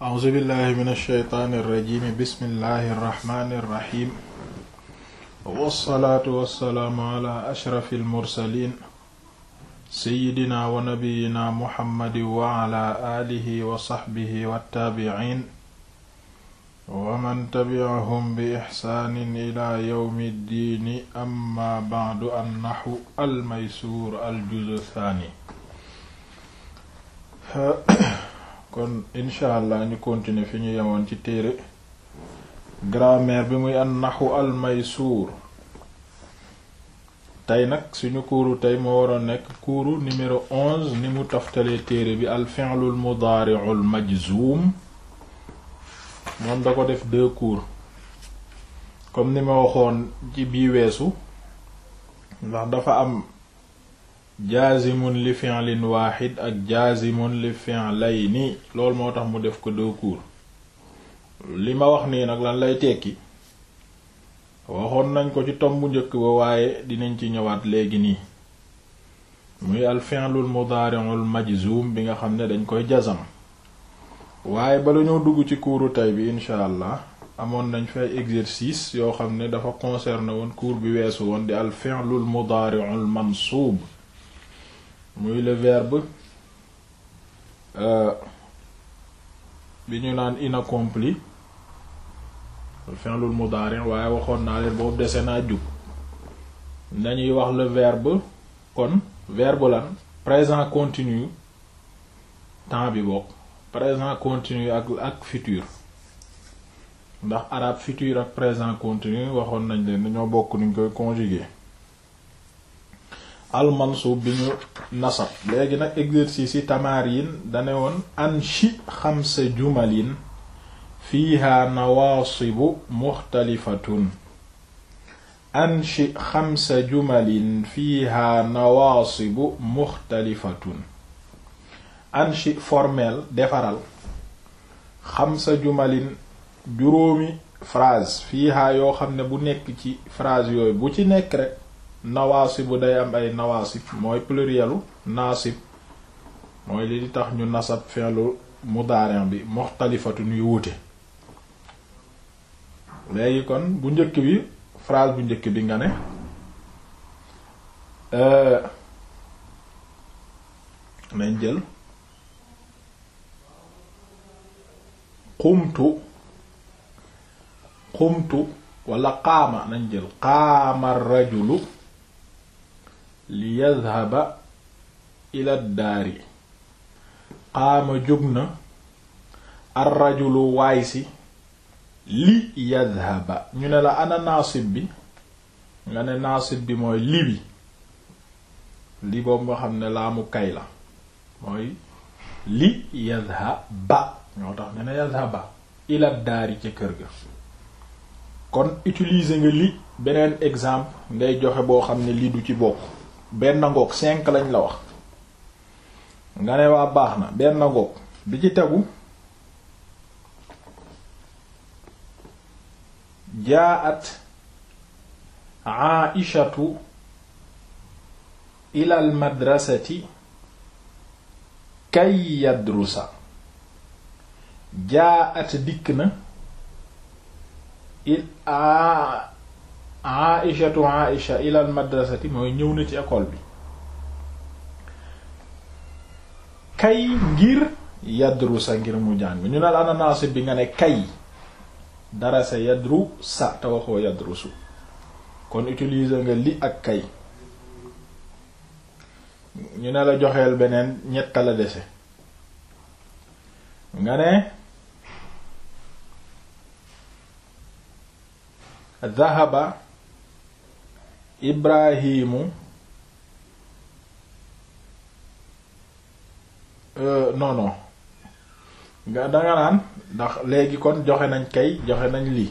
a'uuzu billahi min ash-shaytaani irrajimi bismillahi irrahmani irrahim wassalaatu wassalaamu ala ashrafi almursalin seyidina wa nabiyina muhammadi wa ala aalihi wa saxbihi wattaabiciin wa man tabi'ahum bi ixsaanin ila yawmi ddiini amma ba'du annaxu almaysuur aljuzu saani kon incha allah ñu continuer fi ñu yemoon ci téere grammaire bi muy am naxu al-maysûr tey nag suñu kuuru tey moo waroon nekk kuuru numéro onze ni mu toftalee téere bi al-fi'lul mudaari'ul majzuum moom da ko def deux cours comme ni ma waxoon ci bii weesu ndax dafa am jazimun li fi'lin waaxid ak jazimun lay nii lool moo tax mu def ko deux cours li ma wax nii nag lan lay tekki waxoon nañ ko ci tombu njëkk ba waaye dinañ ci ñëwaat léegi nii muy al fi'lul mudaari'ul majzum bi nga xam ne dañ koy jazam waaye bala ñoo dugg ci kuuru tey bi incha allah amoon nañ fay exercice yoo xam ne dafa concerné woon cours bi weesu woon di alfin al fi'lul mudaari'ul mansuub muy le verbe euh, bi ñu naan inaccompli mu mudari waaye waxoon naa leen boobu desee naa jub nañuy wax le verbe kon verbe lan présent continue temps bi bokk présent continu ak ak futur ndax arabe futur ak présent continu waxoon nañ leen dañoo bokk nuñ koy conjuguer almansub bi nasab léegi nag exercice yi tamarin anshi jumalin fiiha nawaasibu muxtalifatun anshi xamsa jumalin muxtalifatun anshi formel defaral xamsa jumalin juróomi phrase fiiha yoo xam ne bu nekk ci phrase yooyu bu ci nekk rek nawaasibu day am ay nawaasib mooy plurielu naasib mooy li di tax ñu nasab fi'lu mudaarin bi muxtalifatun yu wuute léegi kon bu njëkk bi phrase bu njëkk bi nga ne euh, nañ jël qumtu qumtu walla qaama nañ jël qaama rajulu li yadhaba ila daari qaama jóg na arrajulu waay si li yadhaba ñu ne la ana bi nga ne naasib bi mooy li bi li boobu nga xam ne laamu kay la mooy li yadhaba ñoo tax ñu ne yadhaba ila daari ca kër ga kon utiliser nga li beneen exemple ngay joxe boo xam ne li du ci bokk benn ngoog cinq lañ la wax nga ne waa baax na benn ngoog bi ci tegu jaat aishatu ila al madrasati kay yadrusa jaat dikk na il a aishatu aisha ilal madrasati mooy ñëw na ci école bi kay ngir yadrusa ngir mu jàng ñu ne la ana bi nga ne kay darasa yadrusa te waxoo yadrusu kon utiliser nga li ak kay ñu ne la joxeel beneen ñett la dese nga ne dhahaba ibrahimu euh, non non nga danga naan ndax léegi kon joxe nañ kay joxe nañ li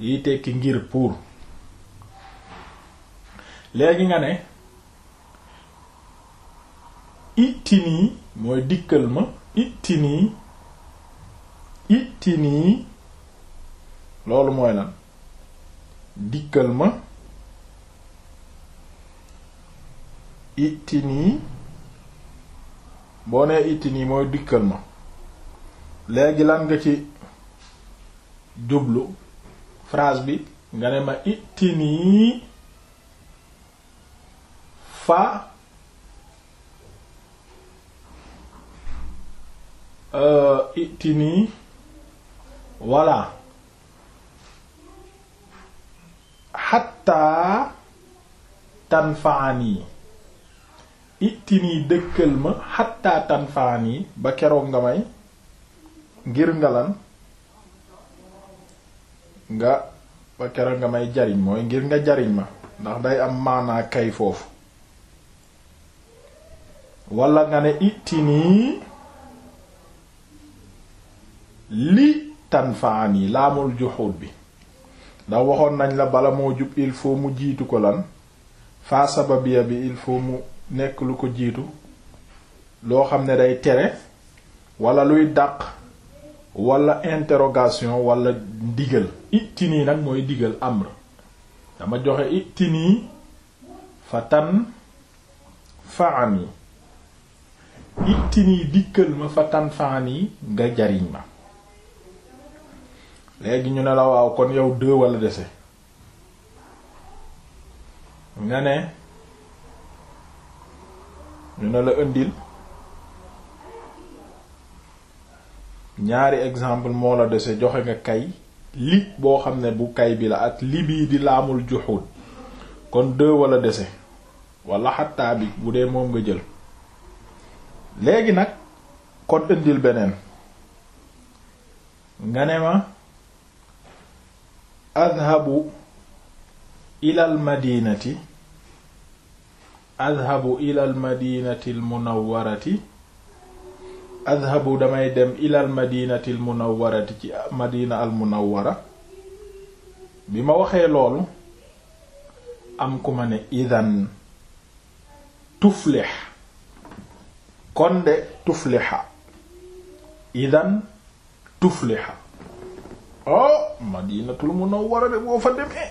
yi tekki ngir pour léegi nga ne itti nii mooy dikkal ma itti nii itti nii loolu mooy lan dikkal ma itti nii boo nee itti mooy dikkal ma léegi lan nga ci jublu phrase bi nga ne ma itti nii fa uh, itti voilà xatta tanfaani itti nii dëkkal ma xattaa tanfaan yi ba keroog nga may ngir nga lan nga ba keroog nga may jariñ mooy ngir nga jariñ ma ndax day am maanaa kay foofu wala nga ne itti nii li tanfaan yi laamul juxuut bi ndax waxoon nañ la bala moo jub il faut mu jiitu ko lan faa sababiya bi il faut mu nekk lu ko jiitu loo xam ne day tere walla luy dàq wala interogation walla ndigal itinii nag mooy digal amr dama joxe itinii fa tan faan yi itinii dikkal ma fa tan faan yi nga jariñ ma léegi ñu ne la waaw kon yow deux wala dese nga ne ñu ne la indil ñaari exemple moo la dese joxe nga kay li boo xam ne bu kay bi la ak li di laamul juxuud kon deux wala dese wala xattaa bi bu dee moom nga jël léegi nag kon indil beneen nga ne ma adhabu ilal madinati adhabu ilal madinatil munawwarati adhabu damay dem ilal madinatil munawwarati ci madina al munawwara bi ma waxee loolu am ku ma ne idan tuflix kon de tuflixa idan tuflixa oh madinatul munawwara de boo fa demee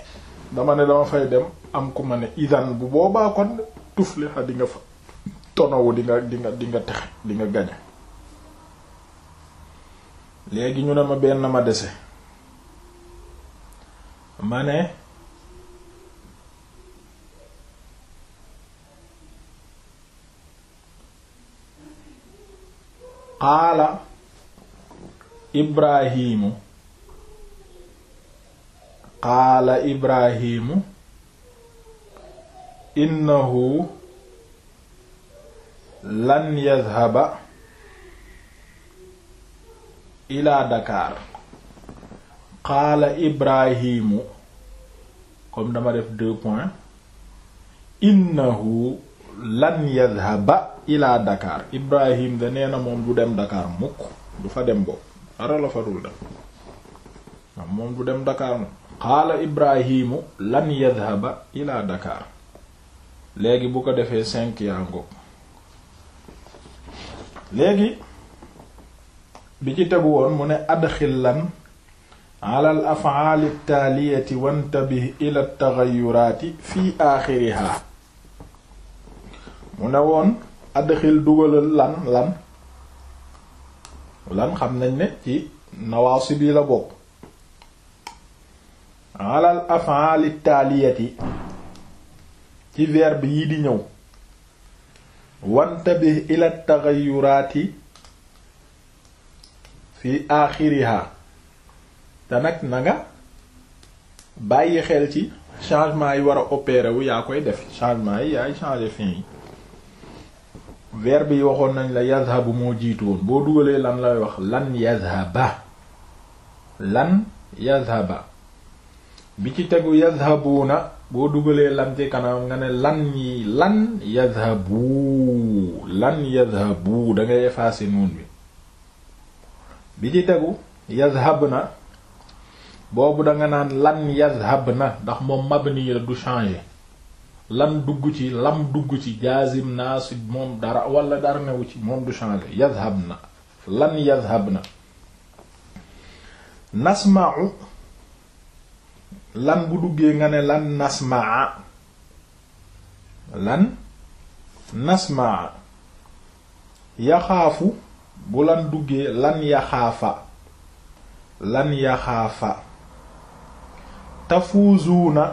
dama ne dama fay dem am ku ma ne idan bu boobaa kon de tufliha di nga fa tonowu di nga di nga di gañe léegi ñu ne ma benn ma dese ma ne qaala ibrahimu qaala ibrahimu innahu lan yadhaba ila Dakar qaala ibrahimu comme dama def deux points innahu lan yadhaba ila Dakar ibrahim da nee moom du dem Dakar mukk du fa dem bopp dara la fa dul dem moom du dem Dakar moom qaala ibrahimu lan yadhaba ila Dakar léegi bu ko defee cinq yaa ngoog léegi bi ci tegu woon mu ne adxil lan ala al af'al at taaliyati wantabih ila at taghayyurati fi aaxiriha mu ne woon adxil dugalal lan lan lan xam nañ ne ci nawaasib yi la bokk ala al af'al taaliyati ci verbe yi di ñëw wantabih ila taxayuraati fi axiriha te nag na nga bàyyi xel ci changement yi war a opérer yaa koy def changement yi yaay changer fin yi verbe yi waxoon nañ la yazhabu moo jiitu woon boo dugalee lan lay wax lan yazhaba lan yazhaba bi ci tegu yazhabuna boo dugalee lan ci kanam nga ne lan yi lan yadhabu lan yadhabu da ngay effacer nuun bi bi ci tegu yadhab na boobu danga naan lan yadhab na ndax moom mabni la du changer lan dugg ci lam dugg ci jaazim naasib moom dara wala dara newu ci moom du changer yadhab na lan yadhab na nasma'u lan bu duggee nga ne lan nasmaa lan nasmaa yaxaafu bu lan duggee lan yaxaafa lan yaxaafa tafuuzuuna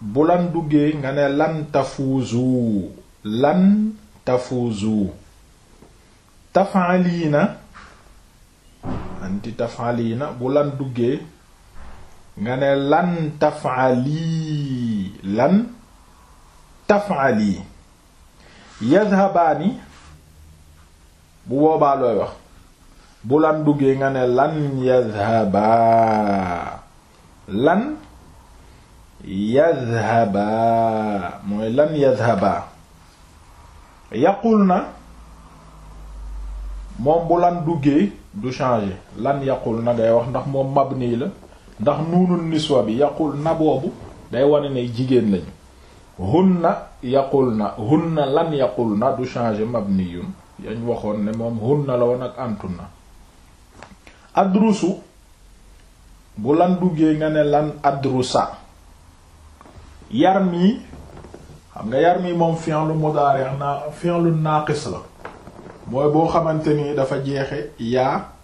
bu lan duggee nga ne lan tafuuzu lan tafuuzu tafaaliina anti tafaaliina bu lan duggee nga ne lan taf'ali lan taf'ali yadhhabaani bu boobaa wax bu lan duggee nga ne lan yadhhabaa lan yadhhabaa mooy lan yadhhabaa yaqul na moom bu lan duggee du changer lan yaqul na ngay wax ndax moom mabni la ndax nuunu niswa bi yaqul na boobu day wane ne jigéen lañu hunna yaqul na hunna lan yaqul na du changé mabniyun yañ waxoon ne moom hunna la woon ak na adrusu bu lan duggee nga ne lan adrusa yarmi xam nga yarmi moom fi'lu mudari' na fi'lu naaqis la mooy boo xamante ni dafa jeexe yaa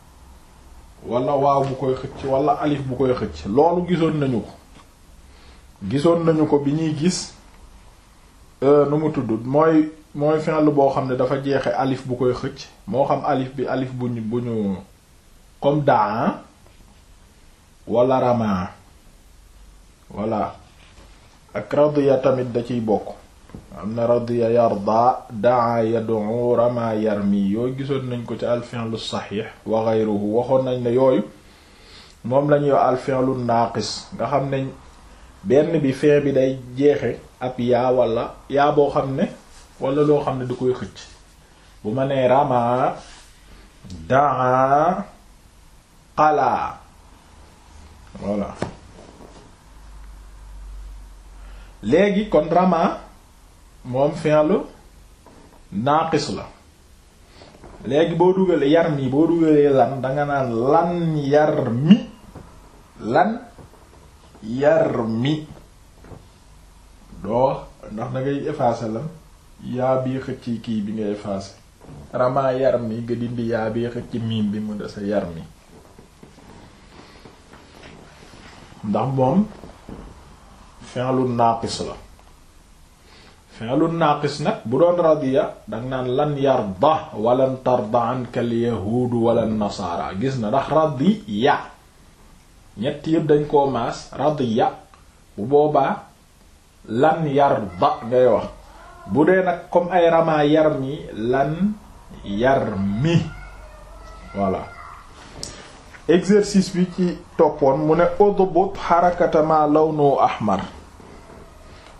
wala waaw bu koy xëcc wala alif bu koy xëcc loolu gisoon nañu ko gisoon nañu ko bi ñuy gis euh, nu mu tudd mooy mooy fi'l boo xam ne dafa jeexe alif bu koy xëcc moo xam alif bi alif bu ñu bu ñu comme daa wala rama wala ak radiya tamit da ciy bokk am na radiya yarda daa yad'u rama yarmi yooyu gisoon nañ ko ci al fi'l as waxoon nañ ne yooyu moom lañuy wax al fi'l an nga xam ne benn bi fin bi day jeexe ab yaa wala yaa boo xam ne walla loo xam ne du koy xëcc bu ma nee rama daa qala voilà léegi kon rama moom fi'lu naaqis la léegi boo dugalee yar mi boo dugalee lan danga naan lan yar mi lan yar mi doo ndax da ngay effacer lan yaa xëcc kii bi nga effacer rama yar mi nga dindi yaa bi xëcc miin bi mu des a yar mi ndax moom fi'lu naaqis la fi'lu naaqis nag bu doon radiya dang naan lan yarda walan tarda anka al yahuud wala nasaara gis na ndax radiya ñett yëpp dañ koo maas radiya bu boobaa lan yarda ngay wax bu dee nag comme ay rama yarmi lan yarmi voilà exercice bi ci toppoon mu ne udbut xarakatamaa lawnu ahmar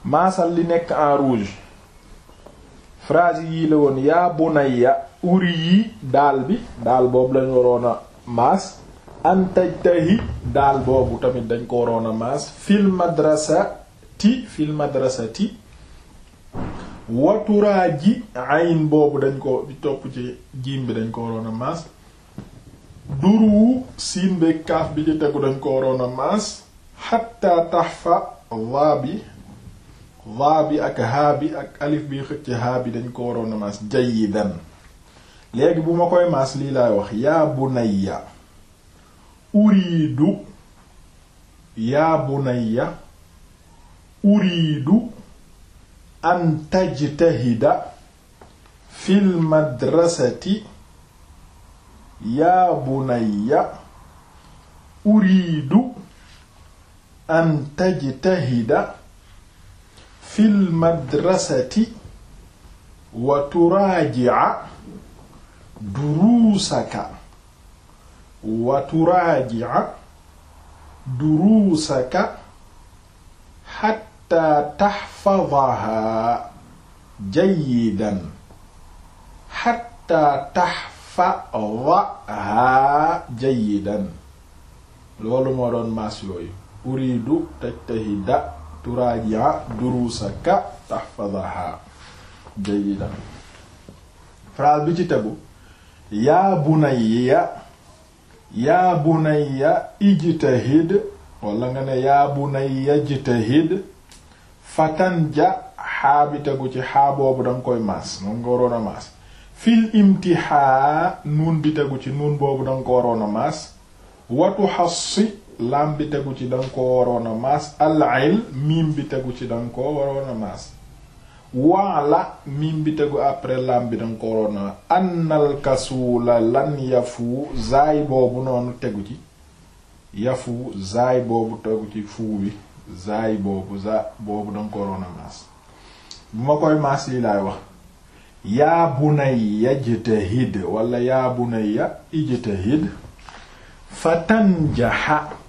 masal li nekk en rouge phrase yii la woon yaa bunayya uri yi daal bi daal boobu lañ waroon a maas antajtahi daal boobu tamit dañ ko waroon a maas fil madrasati fil madrasati waturaa ji ayn boobu dañ ko topp ci jiim bi dañ ko waroon mas maas duruwu siin kaaf bi ci tegu dañ ko waroon mas maas xatta tahfa waa bi vaa bi ak haa bi ak alif bi xëcc haa bi dañ ko waroon maas jayidan léegi bu ma koy maas lii laay wax yaa bunayya uriidu yaa bunayya uriidu an tajtahida fil madrasati yaa bunayya uriidu an tajtahida fil madrasati wa turaaji'a duruusaka wa turaaji'a duruusaka xatta taxfadaha jayidan xatta taxfadaha jayidan loolu moo doon maas yooyu uridu tajtahida turaaji'a durusaka tahfadaha jayyidan phrase bi ci tegu yaa bunayya yaa bunayya ijtahid wala nga ne yaa bunayya ijtahid fatanja xaa bi tegu ci xaa boobu danga koy maas moom nga waroon maas fil imtihaa nuun bi tegu ci nuun boobu danga ko waroon maas watu xassi lam bi tegu ci danga ko waroon a maas al-ayl miim bi tegu ci danga ko waroon a maas waala miim bi tegu après lam bi danga ko waroon a annal kasula lan yafu zaay boobu noonu tegu ci yafu zaay boobu tegu ci fuu bi zaay boobu za boobu danga ko waroon a maas bu ma koy maas lii laay wax yaa bunayya ijtahid wala yaa bunayya ijtahid fatanjaha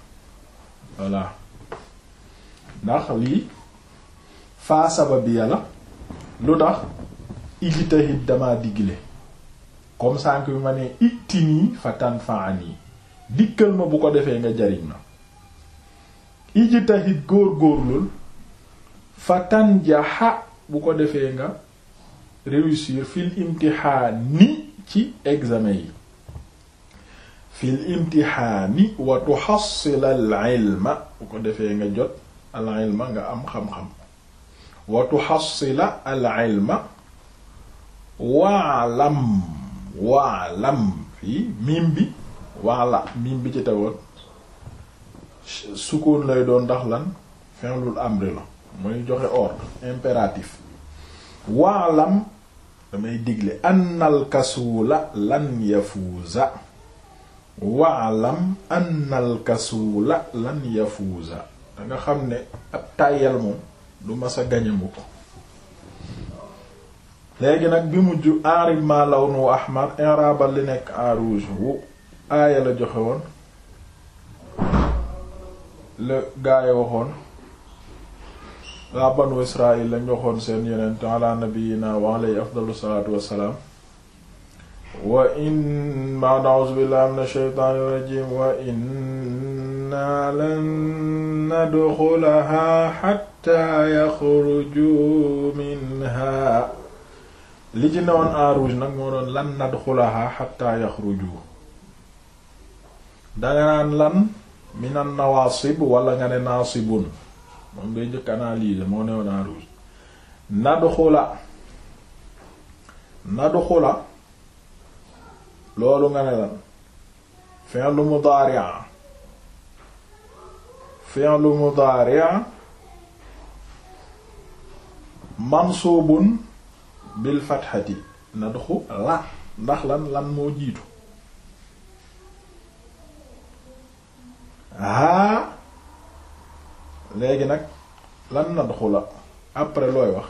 voilà ndax lii faa sababiya la lu tax ijtahid dama digle comme sànk bi ma ne ittinii fa tanfaani dikkal ma bu ko defee nga jariñ ma ijtahid góor góorlul fa tanjaxa bu ko defee nga réussir fil imtihaani ci examen yi fi l imtixaani wa tuxasil al ilma bu ko defee nga jot al ilma nga am xam-xam wa tuxasila al ilma waalam waalam fii miim bi waala miim bi ci tewoon sukkoon lay doon ndax lan fi'lul amri la mooy joxe ordre impératif waalam damay digle annal kasula lan yafuuza waalam annal kasula lan yafuuza da nga xam ne ak tàyyal moom du ma sa gañemu ko léegi nag bi mujj aarib ma lawnu ahmar inrabal li nekk en rouge wu aaya la joxe woon la gaay waxoon waa banu lañ waxoon seen yonent ala nabiyina wa alayhi afdalu salaatu wassalaam wa in ba'da a'uuzu billahi mina shaytaani rajiim wa innaa lan nadxulahaa hattaa yaxrujuu minhaa li ci newoon en rouge nag moo doon lan nadxulahaa hattaa yaxrujuu danga naan lan minan nawaasib wala nga ne naasibun moom ngay jëkk analyser moo newoon en rouge nadxula nadxula loolu nga ne lan fi'lu mudaari' fi'lu mudaari' mansuubun bil fatxati na duxu la ndax lan lan moo jiitu haa léegi nag lan na duxu la après looy wax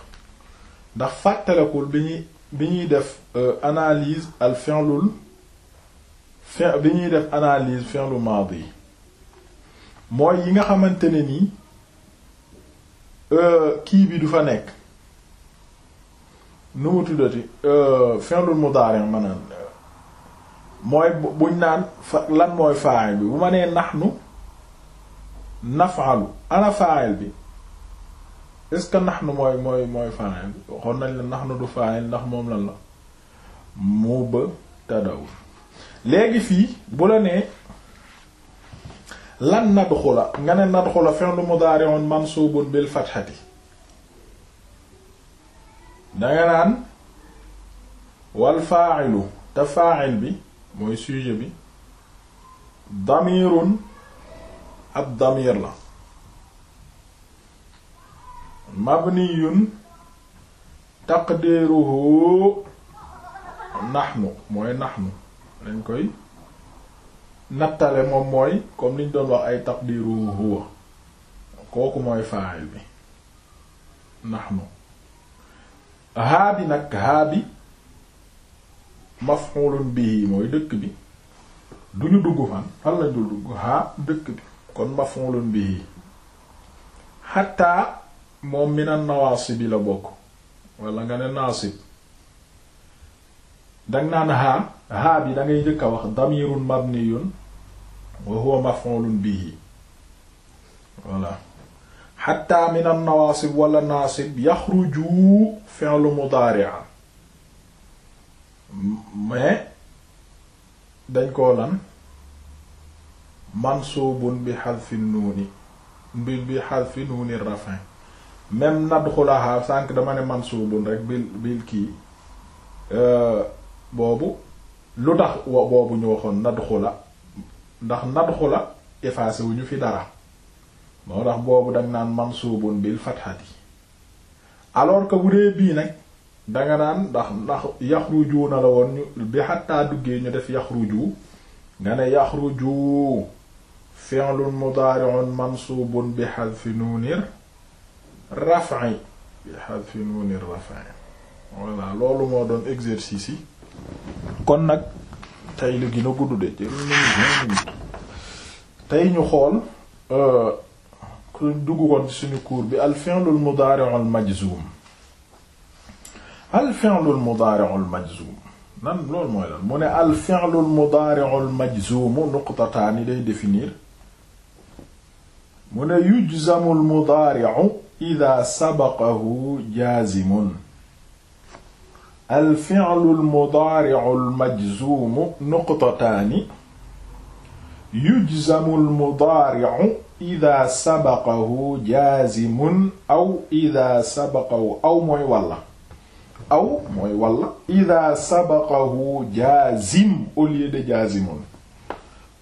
ndax fàttalekul bi ñuy def euh, analyse al fi'lul fin bi ñuy def analyse fin lu maadi mooy yi nga xamante ne nii euh, kii bi du fa nekk nu mu tuddati euh, fin lu mudaari maanaam mooy buñ naan fa lan mooy faa'il bi bu ma nee nahnu naf'alu ana faa'il bi est-ce que nahnu mooy mooy mooy faa'il bi waxoon nañ la nahnu du faa'il ndax moom lan la mubtada'u léegi fii bu la nee lan nadxula nga ne nadxula fi'l mudari'un mansubun bil fathati danga naan wal fa'ilu te fa'il bi mooy sujet bi damirun ab damir la mabniyun taqdiruhu nahnu mooy nahnu lañ koy nattale moom mooy comme liñ doon wax ay taqdiru huwa kooku mooy faa'il bi nahnu haa bi nag haa bi maf'ulun bihi mooy dëkk bi du ñu dugg fan fan lañ dul dugg haa dëkk bi kon maf'ulun bihi hatta moom minan nawaasib bi la bokk wala nga ne naasib dang naan haa haa bi da ngay njëkk a wax damirun mabniyun wa huwa maf'ulun bihi voilà xatta min an nawaasib wala naasib yaxruju fi'lu mudaari'a mais dañ koo lan mansuubun bi xadfi nuuni bi bi xadfi nuuni rafin même nadxulaha sànq dama ne mansuubun rek bil bil kii euh, boobu lu tax boobu ñu waxoon la ndax nadxula effacé wu ñu fi dara moo tax boobu danga naan mansuubun bil fathati alors que bu dee bii nag danga naan ndax ndax yaxruju na la woon ñu bi xattaa duggee ñu def yaxruju nga ne yaxruju fi'lun mudaari'un mansuubun bi hadfi nuunir raf'i bi hadfi nuunir raf'i voilà loolu moo doon exercice yi kon nag tey li gën gudd de tey ñu xool euh, ku dugg kon suñu cours bi al fi'lul mudari'ul majzum al fi'lul nan loolu mooy lan mu ne al fi'lul mudari'ul majzum nuqtataani day définir mu ne yujzamul mudari'u idha sabaqahu jazimun al fi'lu al mudaari'u al majzuumu nuqtataani yujzamu al mudaari'u ida sabaqahu jaazimun aw ida sabaqahu aw mooy walla aw mooy walla ida sabaqahu jaazim au lieu de jaazimun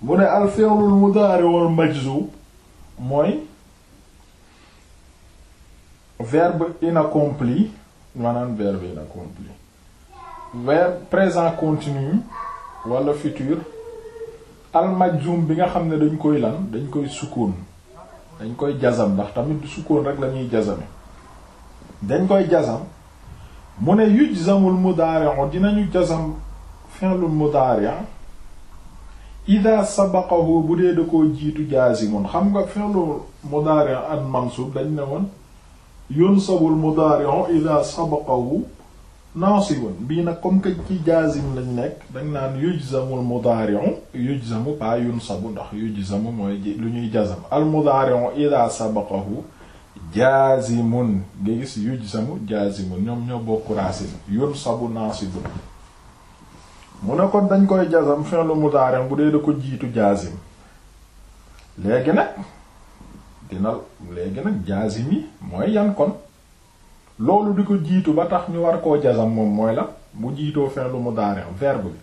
mu ne al fi'l al mudari wal majzum mooy verbe inaccompli maanaam verbe inaccompli verbe présent continu wala futur al majzum bi nga xam ne dañ koy lan dañ koy sukkoon dañ koy jazam ndax tamit du sukkoon rek la ñuy dañ koy jazam mu ne yujzamul mudaari'u dinañu jazam fi'lul mudaari' ida sabaqahu bu dee da koo jiitu jaazimun xam nga fi'lul mudaari' an mansub dañ ne woon yunsabul mudaari'u ida sabaqahu naasibun bii nag comme que ci jaazim lañ nekk dañ naan yujzamul mudaari'u yujzamu pa yunsabu ndax yujzamu mooy lu ñuy jazam al mudaari'u ida sabaqahu jaazimun nga gis yujzamu jaazimun ñoom ñoo bokk racine yunsabu naasibun mu ne kon dañ koy jazam fi'lu mudaari'u bu dee da ko jiitu jaazim léegi nag dina léegi nag jaazim yi mooy yan kon loolu di ko jiitu ba tax ñu war koo jazam moom mooy la mu jiitoo fi'lu mudari' verbe bi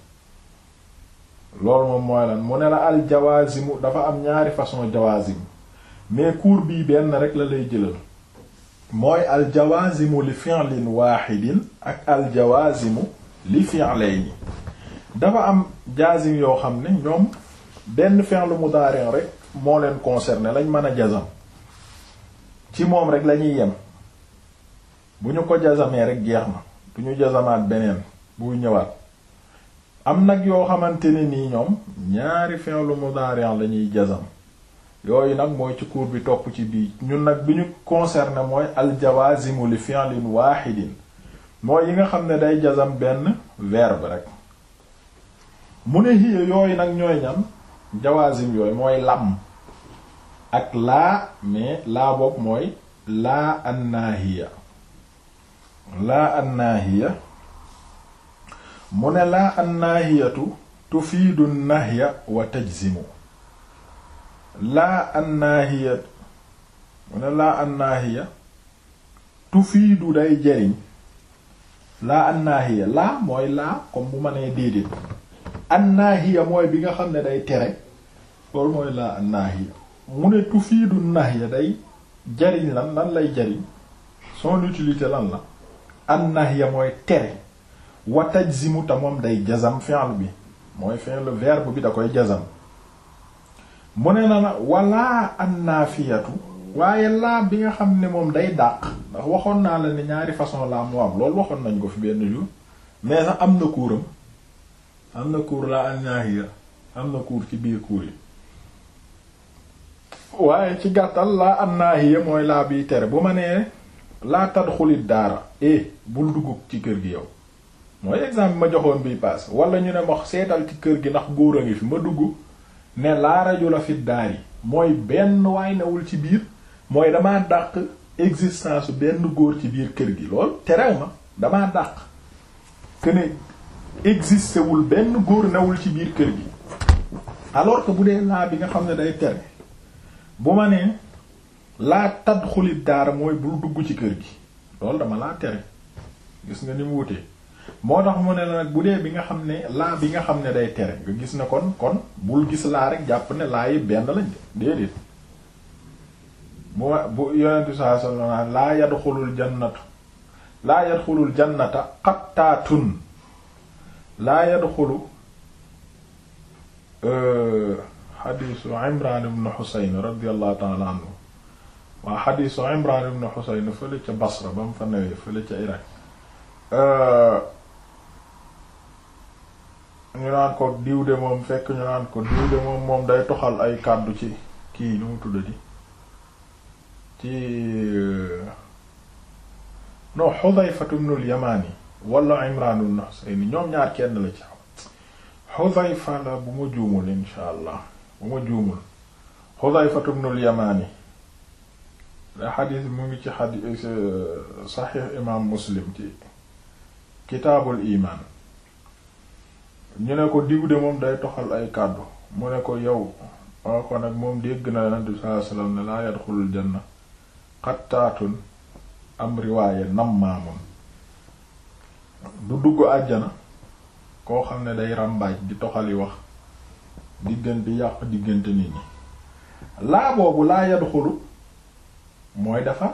loolu moom mooy lan mu ne la al jawazimu dafa am ñaari façon jawazim mais cours bii benn rek la lay jëlal mooy al jawazimu li fi'lin wahidin ak al jawazimu li fi'layni dafa am jazim yoo xam ne ñoom benn mu mudari' rek moo leen concerné lañ mën a jazam ci moom rek lañuy yem bu ñu ko jasamee rek geex na du ñu jasamaat beneen buy ñëwaat am nag yoo xamante ne nii ñoom ñaari fi'lu mudari' la ñuy jasam yooyu nag mooy ci cours bi topp ci biir ñun nag bi ñu concerné mooy al aljawazimu li fi'lin wahidin mooy yi nga xam ne day jasam benn verbe rek mu ne hiya yooyu nag ñooy ñam jawazim yooyu mooy lam ak laa mais laa bopp mooy laa annaahiya laa annaahiya mu ne laa annaahiyatu tufiidu nahya wa tajzimu laa annaahiya mu ne laa annaahiya tufiidu day jariñ laa annaahiya laa mooy laa comme bu ma nee déedéet annaahiya mooy bi nga xam ne day tere loolu mooy laa annaahiya mu ne tufiidu nahya day jariñ lan lan lay jariñ son utilité lan la annahya mooy tere wa tajzimu te moom day jazam fi'l bi mooy fi'l verbe bi da koy jazam mu ne na na wala annafiyatu waaye laa bi nga xam ne moom day dàq ndax waxoon naa la ne ñaari façon laa mu am loolu waxoon nañ ko fi benn jour mais am na kuuram am na kuur laa annahiya am na kuur ci biir kuur yi waaye ci gàttal laa annahiya mooy laa biy tere bu ma nee laa tadxulit daara eh bul dugg ci kër gi yow mooy exemple ma joxoon bii paas wala ñu ne ma seetal ci kër gi ndax góor a ngi fi ma dugg ne laa rajula fi daar yi mooy benn waay newul ci biir mooy damaa dàq existence benn góor ci biir kër gi lool terew ma damaa dàq que ne benn góor newul ci biir kër gi alors que bu dee laa bi nga xam ne day tere bu ma nee laa tadxuli daara mooy bul dugg ci kër gi loolu dama laa tere gis nga ni mu wutee moo tax mu ne la nag bu dee bi nga xam ne laa bi nga xam ne day tere nga gis ne kon kon bul gis laa rek jàpp ne laa yi benn lañ déedéet moo bu yonentu saa sala laa yadxulul jannatu laa yadxulul jannata xattaatun laa yadxulu xadiisu euh, Imraan ibn Husayn radiyallahu ta'ala anhu waa xadiisu Imraan ibn Xuseyn fële ca Basra ba mu fa newee fële ca Irak ñu naan ko diw de moom fekk ñu naan ko diw de moom moom day toxal ay kàddu ci kii nu mu tuddati ci non Xudayfatu ibnul Yamaani wala Imraan ibn Xuseyn ñoom ñaar kenn la ci Xudayfa la bu ma juumul insha allah bu ma juumul Xudayfatu ibnul Yamaani xadis mu ngi ci xadis eh, eh, saxiix imaam muslim ci kitaabul imaan ñu ne ko diw de moom day toxal ay kàddu mu ne ko yow moo ko nag moom dégg na yonent bi sallallahu alayhi wasallam am riwaaye nammaamun du dugg àjjana koo xam ne day ràmbaaj di toxali wax diggante yàq diggante nit ñi laa boobu laa yadxulu mooy dafa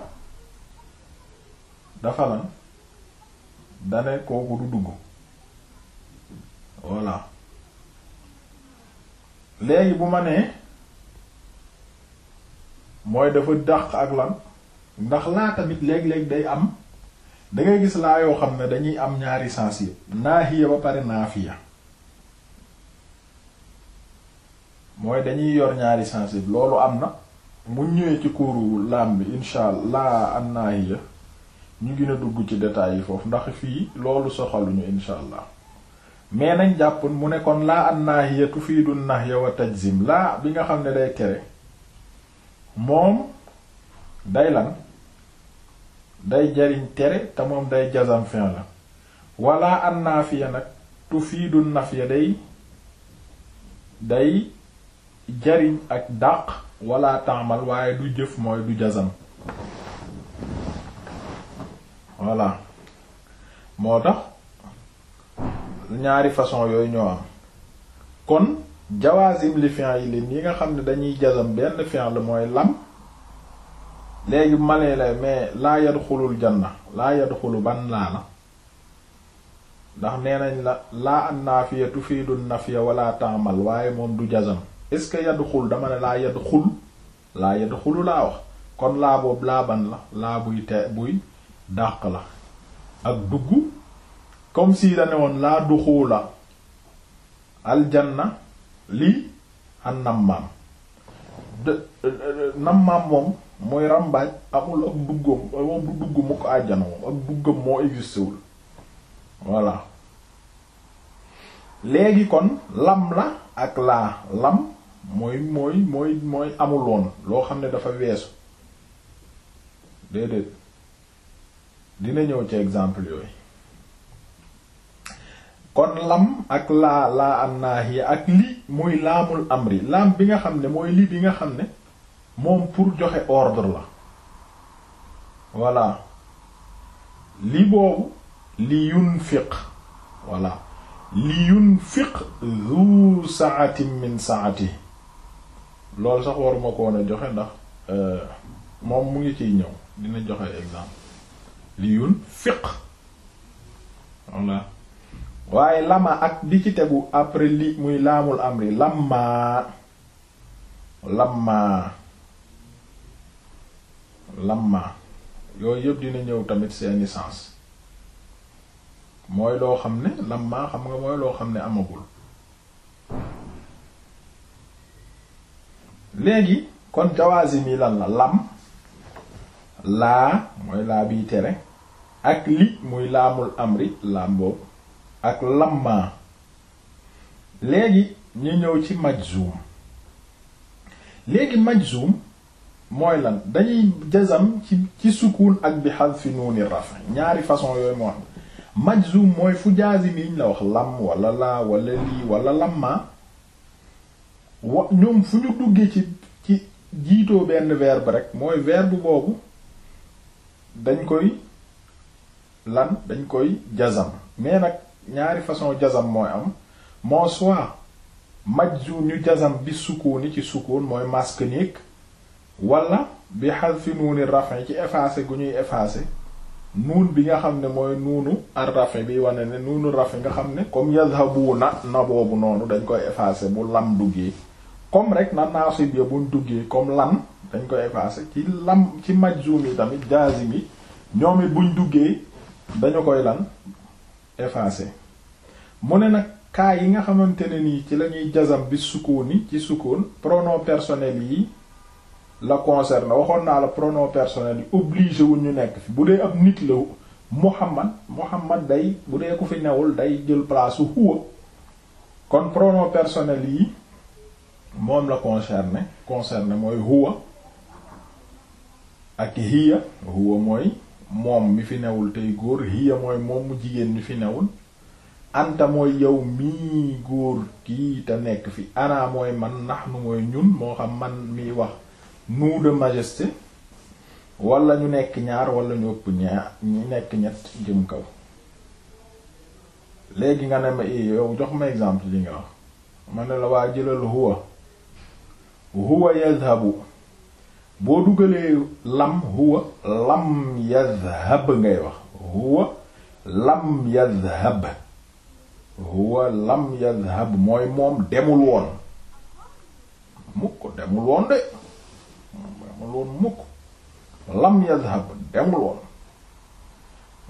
dafa lan dane kooku du dugg voilà léegi bu ma nee mooy dafa dàq ak lan ndax laa tamit léeg-léeg day am dangay gis laa yoo xam ne dañuy am ñaari sens yi naahiya ba pare naafiya mooy dañuy yor ñaari sens yi loolu am na mu ñëwee ci kuuru laam bi incha allah annaahiya ñu gën dugg ci détails yi foofu ndax fii loolu soxaluñu insha allah mais nañ jàpp mu ne kon laa annaahiya tufiidu nahya wa tajzim laa bi nga xam ne day tere moom day lan day jariñ tere te moom day jazam fin la wala annaafiya nag tufiidu nafya day day jariñ ak dàq wala taamal waaye du jëf mooy du jazam voilà moo tax ñaari façon yooyu ñoo am kon jawaazim li fi'lin yi nga xam ne dañuy jazam benn la mooy lam léegi malee la mais laa jan na laa yadxulu ban laa la ndax nee nañ la laa an naafiya tufiidu nafya wala taamal waaye moom du jasam est-ce que yadd xul dama ne laa yadd xul laa yadd xulu laa wax kon laa boobu laa ban la laa buy te buy dàq la ak dugg comme si dane woon laa duxuula aljanna lii an nammaam nammaam moom mooy ràmbaaj amul ak duggam moom du dugg mu ko àjjana moom ak duggam moo existewul voilà léegi kon lam la ak laa lam mooy mooy mooy mooy amuloon loo xam ne dafa weesu déedéet dina ñëw ci exemple yooyu kon lam ak laa laa annaahiya ak li muy laamul amri laam bi nga xam ne mooy li bi nga xam ne moom pour joxe ordre la voilà li boobu li yunfiq voilà li yunfiq zu sa'atin min sa'atihi loolu sax waruma ko woon joxe ndax euh, moom mu ngi ciy ñëw dina joxe exemple li yun fiq voilà waaye lama ak di ci tegu après lii muy laamul amri lamma lamma lamma yooyu yëpp dina ñëw tamit seeni sens mooy loo xam ne lamma xam nga mooy loo xam ne amagul léegi kon jawaazim yi lan la lam laa mooy laa biy tere ak li muy laamul amri laam ak lamma léegi ñu ñëw ci majzum léegi majzum mooy lan dañuy jazam ci ci sukun ak bi hadfi nuuni rafa ñaari façon yooyu moo majzum mooy fu jaazim yiñ la wax lam wala laa wala lii wala lamma wa ñoom fu ñu duggee ci ci jiitoo benn verbe rek mooy verbe boobu dañ koy lan dañ koy jazam mais nag ñaari façon jazam mooy am moo soit majzu ñu jazam bi sukkooni ci sukkoon mooy masque niig wala bi hadfi nuuni rafin ci effacé gu ñuy effacé nuun bi nga xam ne mooy nuunu ar rafi bi wane ne nuunu rafi nga xam ne comme yazhabuna na na boobu noonu dañ koy effacé bu lam duggee comme rek na naasib ya buñ duggee comme lam dañ koy effacé ci lam ci majzum yi tamit jaazim yi ñoom it buñ duggee dañu koy lan effacé mu ne nag kaa yi nga xamante ne nii ci lañuy jazam bi sukkooni ci sukkoon pronom personnel yi la concerne waxoon naa la prono personnel yi obligé wu ñu nekk fi bu dee ab nit la Muhammad Muhammad day bu dee ku fi newul day jël place su huwa kon pronom personnel yi moom la concerné concerné mooy huwa ak hiya huwa mooy moom mi fi newul tey góor hiya mooy moom mu jigéen mi fi newul anta mooy yow mii góor kii te nekk fi ana mooy man nahnu mooy ñun moo xam man miy wax nous de majesté wala ñu nekk ñaar walla ñu ëpp ñaar ñu nekk ñett jëm kaw léegi nga ne ma eh, yow jox ma exemple li nga wax ma ne la waa jëlal huwa huwa yadhabu boo dugalee lam huwa lam yadhab ngay wax huwa lam yadhab huwa lam yadhab mooy moom demul woon mukk demul woon de demul woon mukk lam yadhab demul woon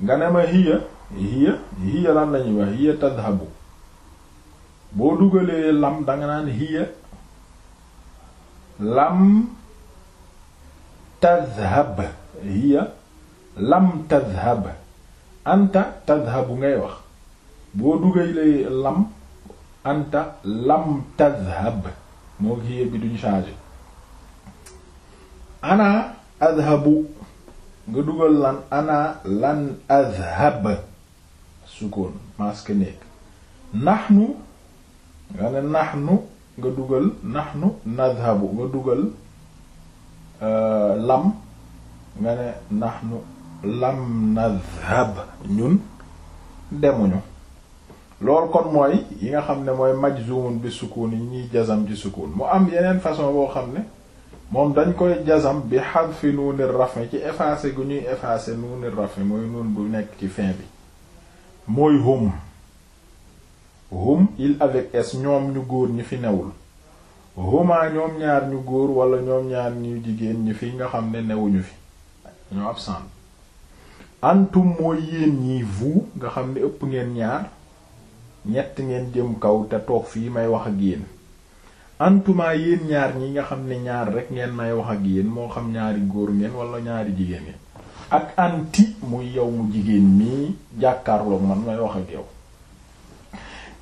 nga ne ma hiya hiya hiya lan lañuy wax hiya tadhabu boo dugalee lam danga naan hiya lam tadhab hiya lam tadhab anta tadhabu ngay wax boo dugalee lam anta lam tadhab moo hiya bi duñ changé ana adhabu nga dugal lan ana lan adhab sukkoon maske nekk nahnu nga ne nahnu nga dugal nahnu nadhabu nga dugal euh, lam nga ne nahnu lam nadhab ñun demuñu loolu kon mooy yi nga xam ne mooy majzumun bi sukun yi ñuy jazam ci sukun mu am yeneen façon boo xam ne moom dañ koy jasam bi hadfi nuuni rafi ci effacé gu ñuy effacé nuuni rafi mooy nuun bu nekk ci fin bi mooy hum hum il avec s ñoom ñu góor ñi fi newul huma ñoom ñaar ñu góor wala ñoom ñaar ñu jigéen ñi fi nga xam ne newuñu fi ñoo absent antum mooy yéen ñi vu nga xam ne ëpp ngeen ñaar ñett ngeen jëm kaw te toog fii may wax ak yéen antumaa yéen ñaar ñi nga xam ne ñaar rek ngeen may wax ak yéen moo xam ñaari góor ngeen walla ñaari jigéen ngeen ak anti muy yow mu jigéen mii jàkkaarloog man may wax ak yow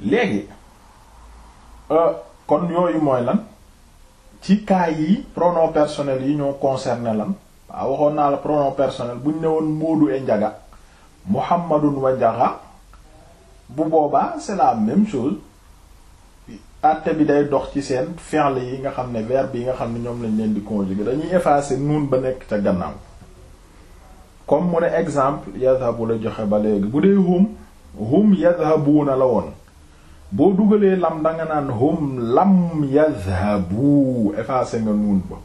léegi euh, kon yooyu mooy lan ci cas yi pronom personnel yi ñoo concerné lan waaw waxoon naa la pronom personnel buñ ne woon Moodu e Njaga Muhammadun wa Njaga bu boobaa c'est la même chose àtte bi day dox ci seen fi'l yi nga xam ne verbe yi nga xam ne ñoom lañ leen di conjuguer dañuy effacer nuun ba nekk ca gannaaw comme mu ne exemple yadhabu la joxe ba léegi bu dee hum hum yadhabuna la woon boo dugalee lam danga naan hum lam yadhabu effacé nga nuun ba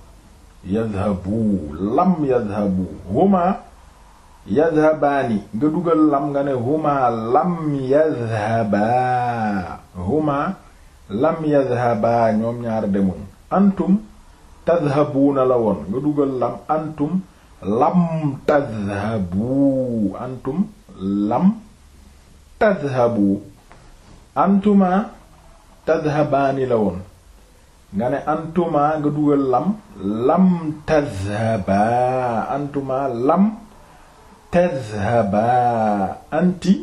yadhabu lam yadhabu huma yadhabaani nga dugal lam nga ne huma lam yadhabaa huma lam yadhabaa ñoom ñaar demuñ antum tadhabuuna la woon nga dugal lam antum lam tadhabu antum lam tadhabu antuma tadhabaani lam lam tadhaba antuma lam anti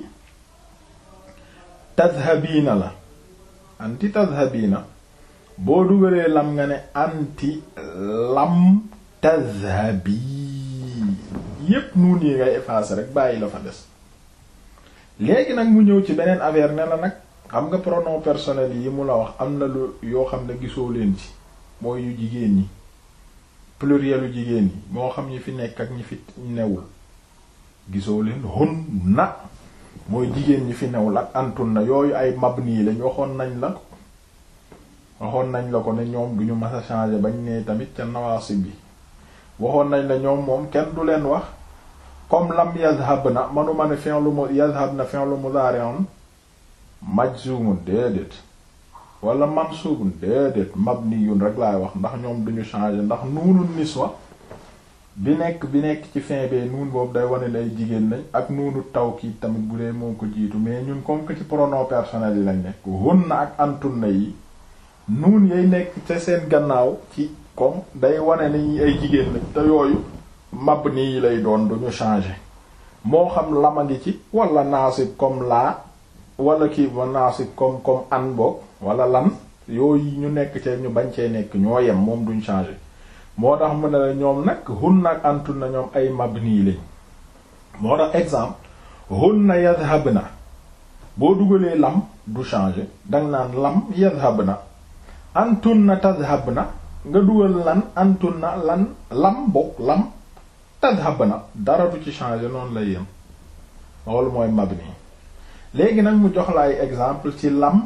tadhabiina la anti tadhabiina boo dugalee lam nga ne anti lam tadhabi yépp nuun yi ngay effacer rek bàyyi la fa des léegi nag mu ñëw ci beneen affaire ne la nag xam nga pronom personnel yi mu la wax am na lu yoo xam ne gisoo leen ci mooy yu jigéen ñi plurielu jigéen ñi moo xam ñi fi nekk ak ñi fi newul gisoo leen hun na mooy jigéen ñi fi newul ak antun na yooyu ay mabni lañ waxoon nañ la waxoon nañ la ko ne ñoom duñu masa changer bañ nee tamit ca nawaasib bi waxoon nañ la ñoom moom kenn du leen wax comme lam yazhab na manuma ne fi'lu yazhab na fi'lu mudari'un majzumun déedéet wala mansubun déedéet mabniyun rek laay wax ndax ñoom duñu changer ndax nuunul niswa bi nekk bi nekk ci fin bee nuun boobu day wane lay jigéen lañ ak nuunu tawkiid tamit bu dee moo ko jiitu mais ñun comme que ci pronom personnel yi lañ nekk hunna ak antunna yi nuun yay nekk ca seen gannaaw ci comme day wane ni ay jigéen lañ te yooyu mabni yi lay doon duñu changer moo xam lama ngi ci wala naasib comme laa wala kii manaasib comme comme an boog wala lan yooyu ñu nekk cee ñu bañ cee nekk ñoo yem moom duñ changer moo tax mu ne la ñoom nag hunna ak antunna ñoom ay mabni lañ moo tax exemple hunna na boo dugalee lam du changer dang naan lam yadhhabna antunna na nga dugal lan antunna lan lam boog lam tadhhabna dara du ci changer noonu lay yem loolu mooy mabni léegi nag mu jox lay exemple ci lam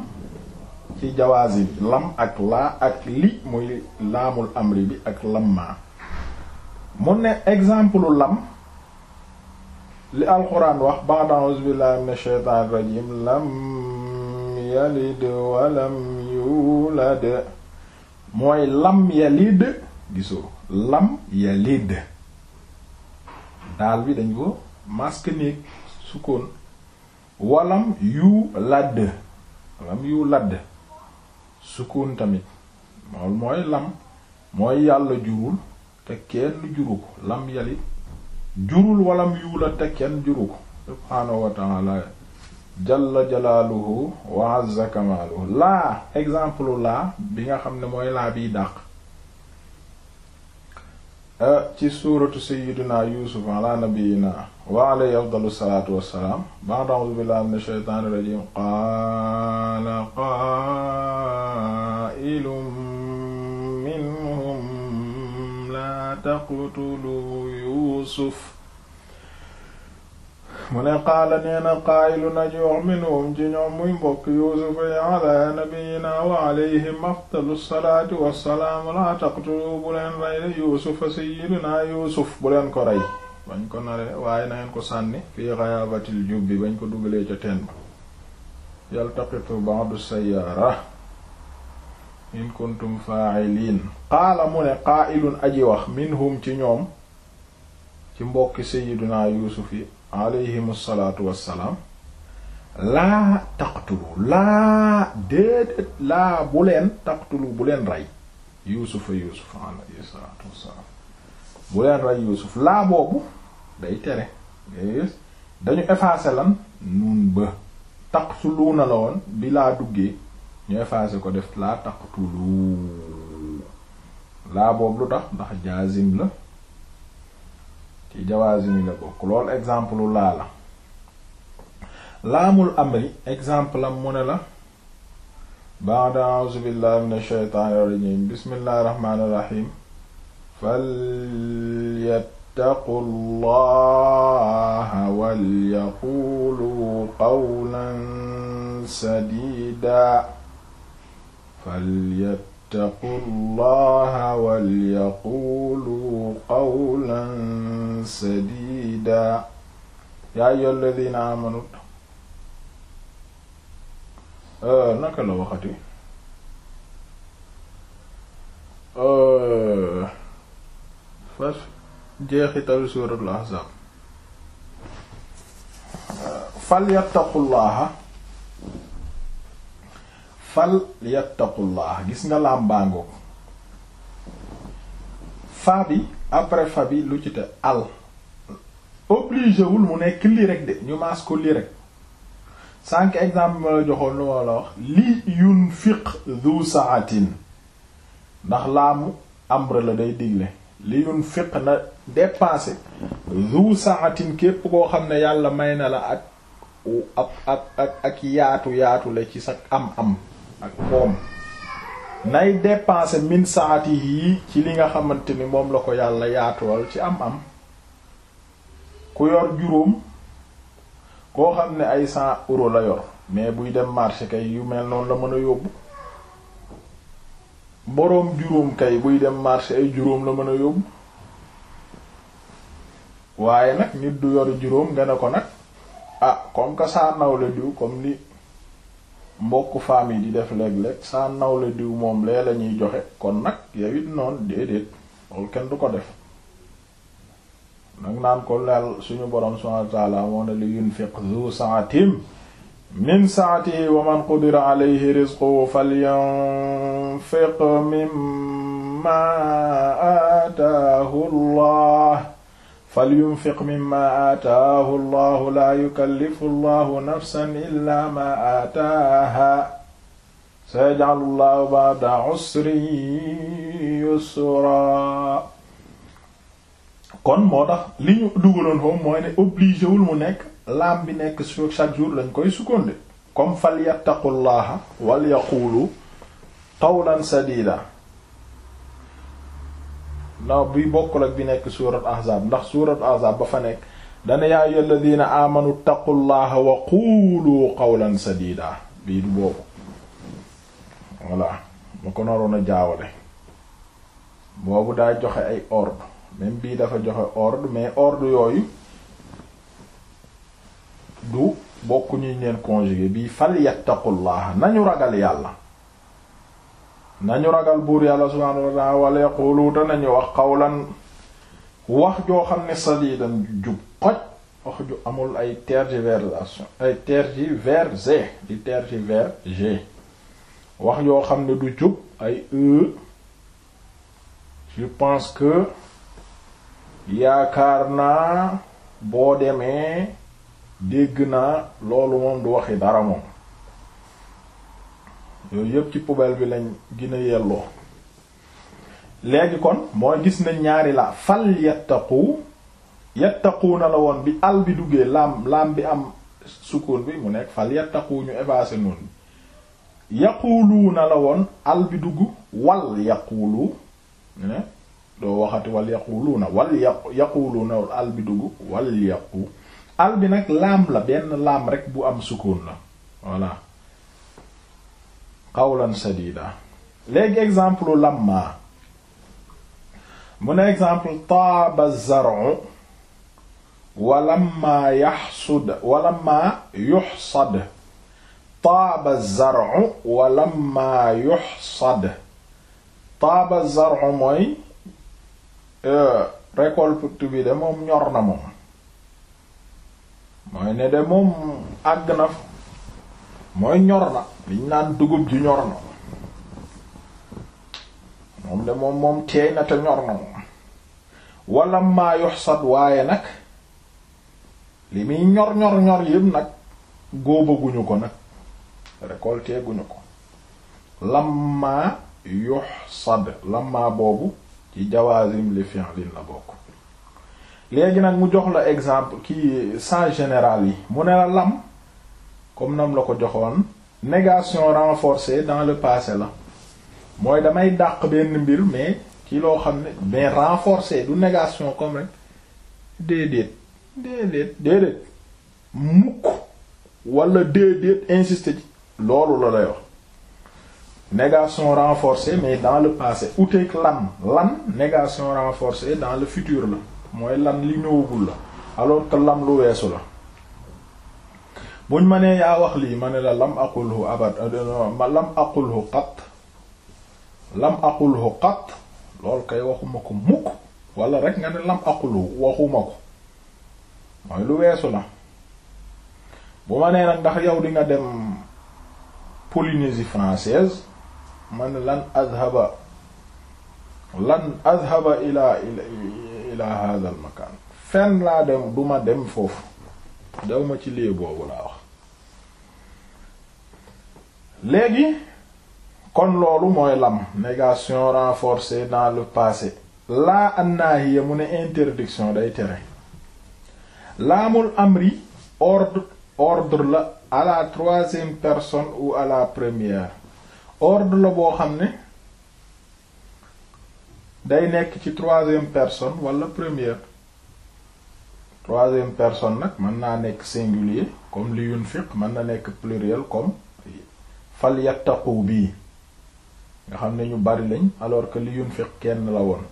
ci jawaazim lam ak laa ak li muy laamul amri bi ak lamma mu ne exemple lam li alquran wax ba'da a'uuzu billahi minash shaytaanir rajiim lam yalid wa lam yulad mooy lam yalid gisoo lam yalid daal bi dañ ko masque néeg sukkoon walam yu ladd walam yu ladd sukun tamit loolu mooy lam mooy yàlla jurul te kenn juru ko lam yali jurul walam yu la te kenn juru ko subhaanahu wa ta'ala jalla jalaaluhu wa azza laa exemple laa bi nga xam ne mooy laa biy dàq ci suuratu sayyidina yusuf ala nabiyina wa alayhi afdalu salaatu wassalaam ba'da a'uuzu billahi minash shaytaanir rajiim qaala qaa'ilun minhum laa taqtuluu yusuf mu ne qaala nee na qaayilu na jox minhum ci ñoom muy mbokk yuusufa yi ala nabiyina wa alayhim afdalu salaati wassalaam la taqtulu bu leen rey yuusufa sayyidina yuusuf bu leen ko rey bañ ko nare waaye nangeen ko sànni fii xayaabatil jubbi bañ ko dugalee ca teen ba yaltaqitu ba'du sayyaara in kuntum fa'ilin qaala mu ne qaa'ilun aji wax minhum ci ñoom ci mbokki sayyidina yuusuf yi alayhim salaatu wassalaam laa taqtulu laa déedéet laa bu leen taqtulu bu leen rey yuusufa yuusuf alayhi salaatu wassalaam bu leen rey yuusuf laa boobu day tere dañu effacer lan nun ba taqtuluuna la woon bi laa duggee ñu effacer ko def laa taqtulu laa boobu lu tax ndax jaazim la ci Jawaazini la bokk amri exemple am mu ne la ba'da a'uuzu billahi minash shaytaanir rajiim bismillahir rahmaanir rahiim falyattaqullaha walyaquulu qawlan sadiidaa falyat wattaqu llaha walyaquulu qawlan sadiida yaa ayyuha alladina aamanu naka la waxati fas jeexital suuratul ahzaab fal yattaqullaha fal yattaqullah gis nga laam baangoo fa bi après fa lu ci te al obligé wul mu nekk lii rek de ñu maas ko lii rek sànq exemple ma la joxoon lu ma la wax li yunfiq zu saatin ndax laamu amr la day digle li yunfiq na dépenser zu saatin képp koo xam ne yàlla may na la ak ak ak ak yaatu yaatule ci sa am am ak moom nay dépenser min saati yii ci li nga xamante ni moom la ko yàlla yaatuwal ci am-am ku yor juróom koo xam ne ay cent euros la yor mais buy dem marché kay yu mel noonu la mën a yóbbu boroom juróom kay buy dem marché ay juróom la mën a yóbbu waaye nag nit du yor juróom nga ne ko nag a ah, comme que saa nawle diw comme ni mbokk yi di def léeg-léeg saa nawle diw moom lee la joxe kon nag yow noonu déedéet loolu kenn du ko def nag naan ko leel suñu borom subhanahu wa ta'ala moo ne li yunfiq zu sa'atim min sa'atihi wa man qudira alayhi rizquhu falyanfiq mimma ataahu Allah falyunfiq mimma aataahu allahu laa yukallifu allahu nafsan illaa ma aataaha sayaj'alu allahu ba'da usrin yusra kon moo tax li ñu dugaloon foofu mooy ne obligé wul mu nekk laam bi nekk sur chaque jour lañ koy sukkonde comme falyattaqullaha wal yaquulu qawlan sadiida ndax bi bokk ak bi nekk surat ahzab ndax surat ahzab ba fa nekk dana yaa ayyuha alladhina amanu taqullaha wa qulu qawlan sadida bii du boobu voilà ma ko naroon a jaawale boobu daa joxe ay ordre même bii dafa joxe ordre mais ordre yooyu du bokku ñuy leen conjugué bii fal yattaqullaha nañu ragal yàlla nañu ragal buur yàlla subhaanahu wa ta'aala wala yaqulu te nañu wax qawlan wax joo xam ne sadiidan jub xoj wax ju amul ay tergiversation ay tergiverser di tergiverser wax yoo xam ne du jub ay e je pense que yaakaar naa boo demee dégg naa loolu moom du waxi dara moom yooyu yëpp ci poubelle bi lañ gën a yelloo léegi kon mooy gis nañ ñaari la fal yattaqu yattaquuna la woon bi al bi duggee laam laam bi am sukkoon bi mu nekk fal yattaqu ñu évaser noonu yaquluuna la woon al bi dugg wal yaqulu ne doo waxati wal yaquluuna wal yaquluuna al bi dugg wal yaqu al bi nag laam la benn laam rek bu am sukkoon la voilà qawlan sadida léegi exemple lamma mu ne exemple taaba zar'u wa lamma yaxsud wa lamma yuxsad taaba zar'u wa lamma yuxsad e, récolte bi de moom ñor na ne de moom àgg mooy ñor na liñ naan dugub ji ñor na moom de moom moom teey na te ñor na moom wala maa yuhsad waaye nag li muy ñor ñor ñor yépp nag góobaguñu ko nag récolté guñu ko lamma yuhsad lamma boobu ci jawazim li fi'lin la bokk léegi nag mu jox la exemple ki sens général yi mu ne la lam comme nam la ko joxoon négation renforcée dans le passé la mooy damay dàq benn mbir mais ci loo xam ne mais renforcé du négation comme rek déedéet déedéet déedéet mukk wala déedéet insister ci loolu la lay wax négation renforcée mais dans le passé uteeg lan lan négation renforcée dans le futur la mooy lan li ñëwagul la alors que lam lu weesu la buñ ma nee yaa wax lii ma ne la lam aqulhu abad euh, euh, ma lam aqulhu qatt lam aqulhu qatt lool kay waxuma ko mukk wala rek nga ne lam aqulhu waxuma ko mooy lu weesu la bu ma nee nag ndax yow di nga dem Polynésie ma man lan adhaba lan adhaba ila ila ila hadha al makan fenn laa dem duma dem foofu daw ma ci lii boobu laa wax léegi kon loolu mooy lam négation renforcée dans le passé laa annaahiya mu ne interdiction day tere laamul amri ordre ordre la à la troisième personne ou à la première ordre la boo xam ne day nekk ci troisième personne wala première troisième personnes nag mën naa nekk singulier comme li yunfiq mën na nekk pluriel comme falyattaqu bii nga xam ne ñu bari lañ alors que li yunfiq kenn la woon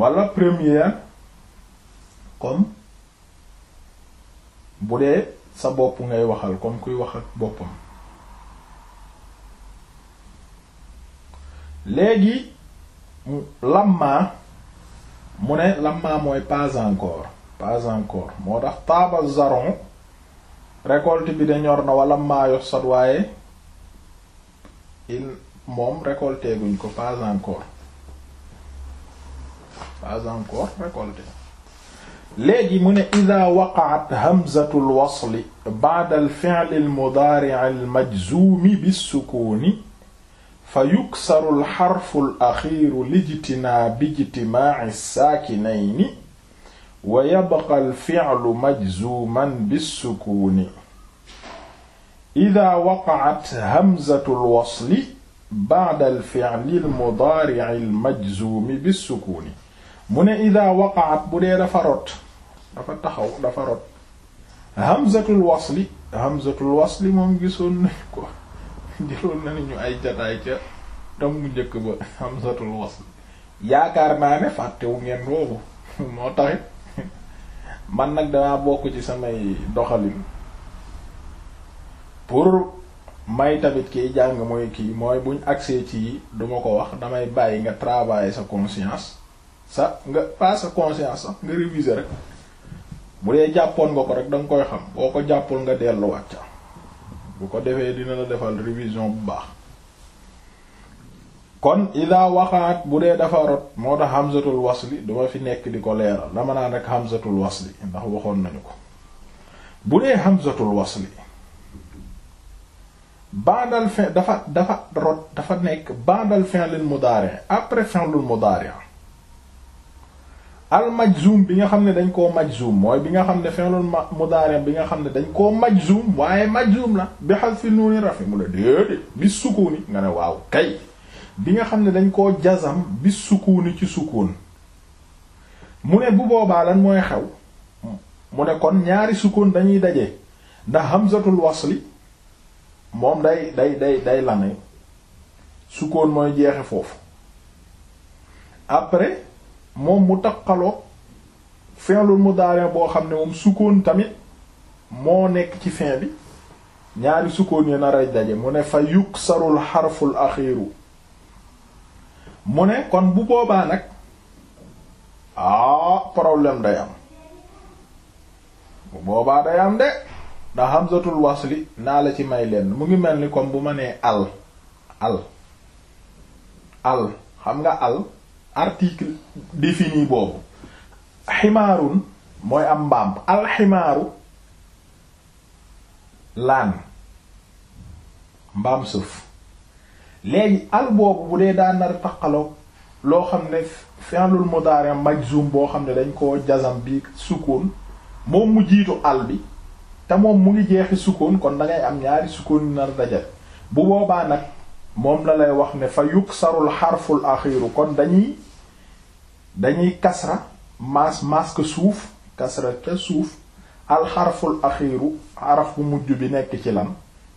wala première comme bu dee sa bopp ngay waxal comme kuy wax ak boppam léegi lamma mu ne lamma mooy pas encore pas encore moo tax taaba zaron récolte bi de ñor na wala maayo sot waaye il moom récolté guñ ko pas encore mu ne ida waqaat hamzatu lwasli ba'da al-fi'li al-mudari' al-majzumi bis-sukuni fa yuksaru al-harfu wa yabqa alficlu majzuman bissukuuni ida waqacat hamzatu lwasli bacda alficli almudaarici almajzuumi bissukuuni mu ne ida waqacat bu dee dafa rot dafa taxaw dafa rot hamzatul wasli hamzatul wasli moom gisoon nañ ko jëloon nañu ay jataay ca tam mu njëkk ba hamzatul wasli yaakaar naa ne fàttewu ngeen roobu moo taxit man nag damaa bokk ci samay doxalin pour may tamit kiy jàng mooy kii mooy buñ accès ci yi duma ko wax damay bàyyi nga travailler sa conscience sa nga pas sa conscience sax nga réviser rek bu dee jàppoon nga ko rek da nga koy xam boo ko jàppul nga delluwaat ca bu ko defee dina la defal révision bu baax kon ida waxaat bu dee dafa rot moo tax hamzatul wasli duma fi nekk di ko leeral dama naan rek hamzatul wasli ndax waxoon nañu ko bu dee hamzatul wasli ba'dal fin dafa dafa rot dafa nekk ba'dal fi'lil mudari' après fi'lul mudari' al majzum bi nga xam ne dañ koo majzum mooy bi nga xam ne fi'lul mudari' bi nga xam ne dañ koo majzum waaye majzum la bi hadfi nuuni rafi mu la déedéet bi sukuni nga ne waaw kay bi nga xam ne dañ koo jazam bi sukuuni ci sukuun mu ne bu boobaa lan mooy xew mu ne kon ñaari sukuun dañuy daje ndax hamzatul wasli moom day day day day lane sukoon mooy jeexe foofu après moom mu taqaloo mu mudari boo xam ne moom sukoon tamit moo nekk ci fin bi ñaari sukoon yi na a daje mu ne fa yuksarul xarful axiru mu ne kon bu boobaa nag ah problème day am bu boobaa day am de ndax hamzatul wasli naa la ci may lenn mu ngi mel ni comme bu ma nee al al al xam nga al article défini boobu ximaarun mooy am mbaam alximaaru laan mbaam sëf léegi al boobu bu dee daa nar taqaloo loo xam ne fi'lul mudari majzum boo xam ne dañ ko jazam bi sukkoon moom mu jiitu al bi te moom mu ngi jeexi sukkoon kon da ngay am ñaari sukkoon nar dajal bu boobaa nag moom lalay wax ne fa yuksarul xarful axiru kon dañuy dañuy kasra mas suuf kasra ca suuf alxarful axiru xaraf bu mujj bi nekk ci lan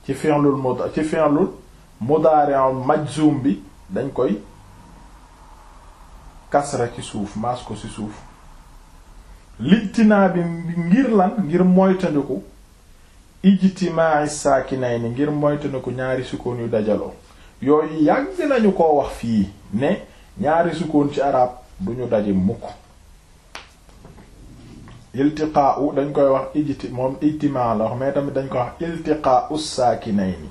ci fi'lul mudari ci fi'lul mudaari'u majzum bi dañ koy kasra ci suuf maas ko ci suuf litinaa bi ngir lan ngir moytandiku ijtimaa'i saakinayni ngir moytandiku ñaari sukkoon yu dajaloo yooyu yàgg nañu ko wax fii ne ñaari sukkoon ci arab duñu daje mukk iltiqaa'u dañ koy wax ijti moom ijtimaa la wax mais tamit dañ koy wax iltiqaa'u saakinayni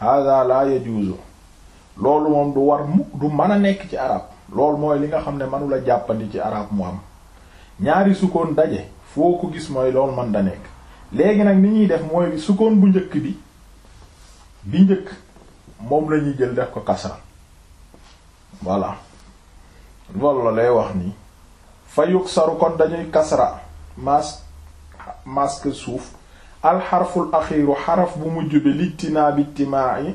hada la yajuzu loolu moom du war mukk du mën a nekk ci arab loolu mooy li nga xam ne manula jàppandi ci arab mu am ñaari sukkoon daje foo ko gis mooy loolu man da nekk léegi nag ni ñuy def mooy sukkoon bu njëkk bi bi njëkk moom la ñuy jël def ko kasra voilà loolu la lay wax nii fa yuksaru kon dañuy kasra mas masque suuf alxarful axiiru xaraf bu mujj bi lijtinaa bi ijtimaa'i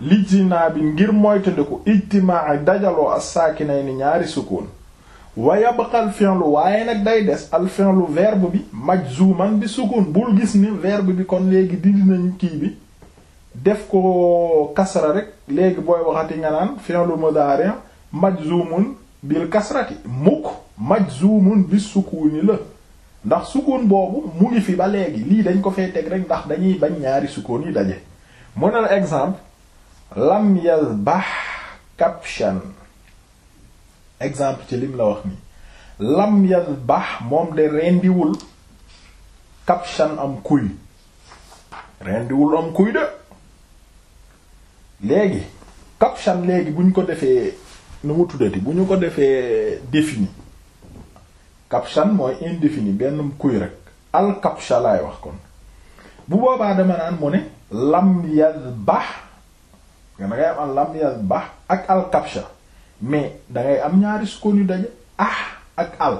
lijtinaa bi ngir moytandiku ijtimaa'i dajaloo as-saakinay ni ñaari sukkoon wa yabqa al waaye nag day des al fi'lu verbe bi majzuman bi sukkoon bul gis ni verbe bi kon léegi dindi nañu kii bi def ko kasra rek léegi booy waxati nga naan fi'lu mudaari' majzumun bil kasrati mukk majzumun bi sukkuuni la ndax sukkoon boobu mu ngi fi ba léegi lii dañ ko fee teg rek ndax dañuy bañ ñaari sukkoon yi daje mu ne la exemple lam baax kabshan exemple ci lim la wax nii lam yazbah moom de rendiwul kabshan am kuy rendiwul am kuy de léegi kabshan léegi bu ñu ko defee nu mu tuddati bu ñu ko defee défini kapshan mooy indéfini benn kuy rek al kapsha laay wax kon bu boobaa dama naan mu ne lam yazbah nga dangay am al lam yazbah ak al kapsha mais dangay am ñaari sukkoon yu daje ah ak al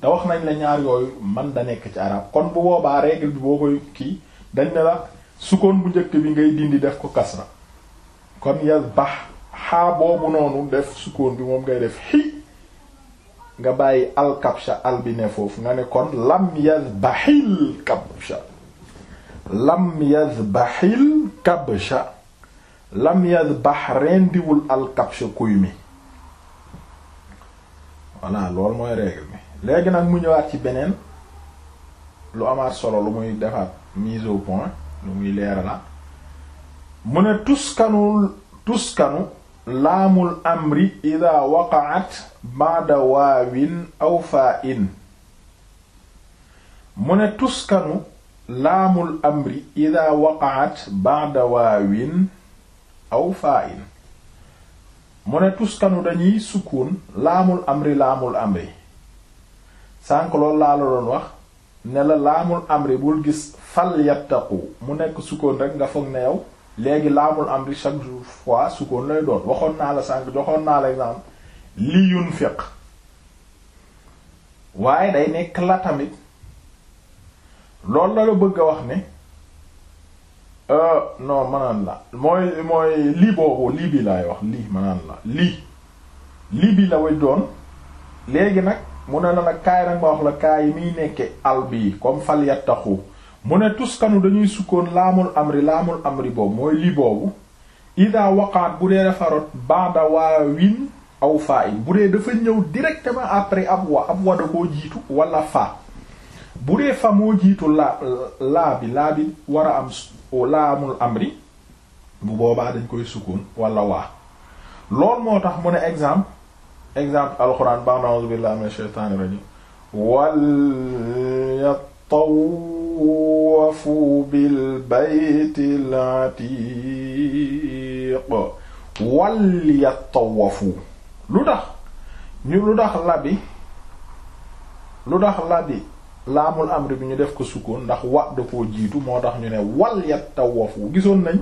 te wax nañ la ñaar yooyu man da nekk ci arab kon bu boobaa règle bi boo koy kii dañ ne la sukkoon bu njëkk bi ngay dindi def ko kasra kon yazbah xaa boobu noonu def sukkoon bi moom ngay def xi nga bàyyi alkabsha albine foofu nga ne kon lam yazbahil kabsha lam yazbahil kabsha lam yazbah rendiwul alkabsha kuy mi voilà loolu mooy règle bi léegi nag mu ñëwaat ci beneen lu amaat solo lu muy defaat mise au point lu muy leera la mu ne tuskanul tuskanu laamul amri ida waqaat ba'da waawin aw faa'in mu ne tuskanu laamul amri ida mu ne tuskanu dañuy sukkoon laamul amri laamul amri sànq loolu laa la doon wax ne la laamul amri bul gis fal yattaqu mu nekk sukkoon rek nga foog ne yow léegi laamul amri chaque jour fois sukkoon lay doon waxoon naa la sànq joxoon naa la exemple li yunfiq waaye day nekk la tamit loolu la la bëgg a wax ne euh, non manaan la mooy mooy lii boobu lii bi lay wax lii manaan la lii lii bi la way doon léegi nag mu ne la nag kaay nag ma wax la kaay yi muy nekke al bii comme fal yattaxu mu ne tuskanu dañuy sukkoon laamul amri laamul amri boobu mooy lii boobu ida waqaat bu dee dafa rot ba'da waawin aw faa in bu dee dafa ñëw directement après ab wa ab wa da jiitu wala fa bu dee fa moo jiitu laa laa bi laa bi war a am laamul amri bu boobaa dañ koy sukkoon wala waa loolu moo tax mu ne exemple exemple alxuraan ba'da a'uuzu billaahi minash shaytaanir rajiim wal wafu bil baytil atiq wal yatawafu lu tax ñu lu tax labi lu tax labi laamul amri bi ñu def ko sukkoon ndax wa da jiitu moo tax ñu ne wal yatawafu gisoon nañ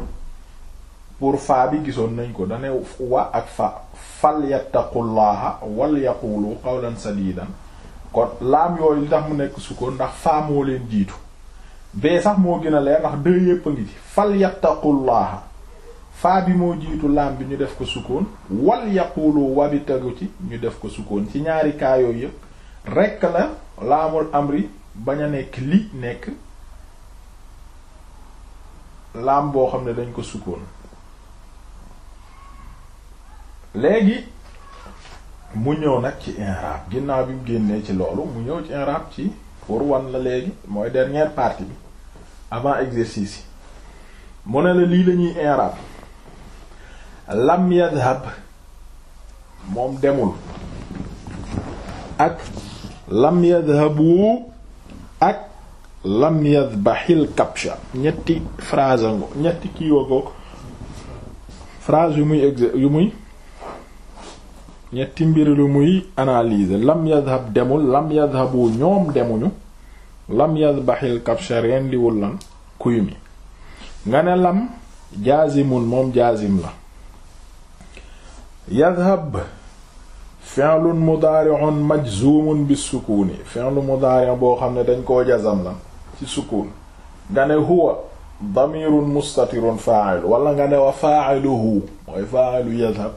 pour faa bi gisoon nañ ko dane wa ak fa fal yattaqullaha wal yaqulu qawlan sadidan kon laam yooyu li tax mu nekk sukkoon ndax faa leen jiitu bee sax moo gën a leer ndax deux yépp a ngi ci fal yattaqullaha faa bi moo jiitu laam bi ñu def ko sukkoon wal yaqulu wa tegu ci ñu def ko sukkoon ci ñaari kaa yooyu yépp rekk la laamul amri bañ a nekk li nekk laam boo xam ne dañ ko sukkoon léegi mu ñëw nag ci inrab ginnaaw bi mu génnee ci loolu mu ñëw ci inrab ci pour wan la léegi mooy dernière partie bi avant exercice yi mu ne la lii lañuy i'rab lam moom demul ak lam yadhabu ak lam yadhbahil kabsha ñetti phrase ngo ñetti kiiwagoog phrase yu muy exe yu muy ñetti mbir lu muy analyser lam demul lam yadhabu ñoom demuñu lam yadbaxil kabsha rendiwul lan kuy mi nga ne lam jaazimun moom jaazim la yadhab fi'lun mudaari'un majzumun bi sukuuni fi'lu mudaari' boo xam ne dañ koo jazam lan ci sukuun nga ne huwa damirun mustatirun fa'il wala nga ne wa fa'iluhu mooy fa'ilu yadhab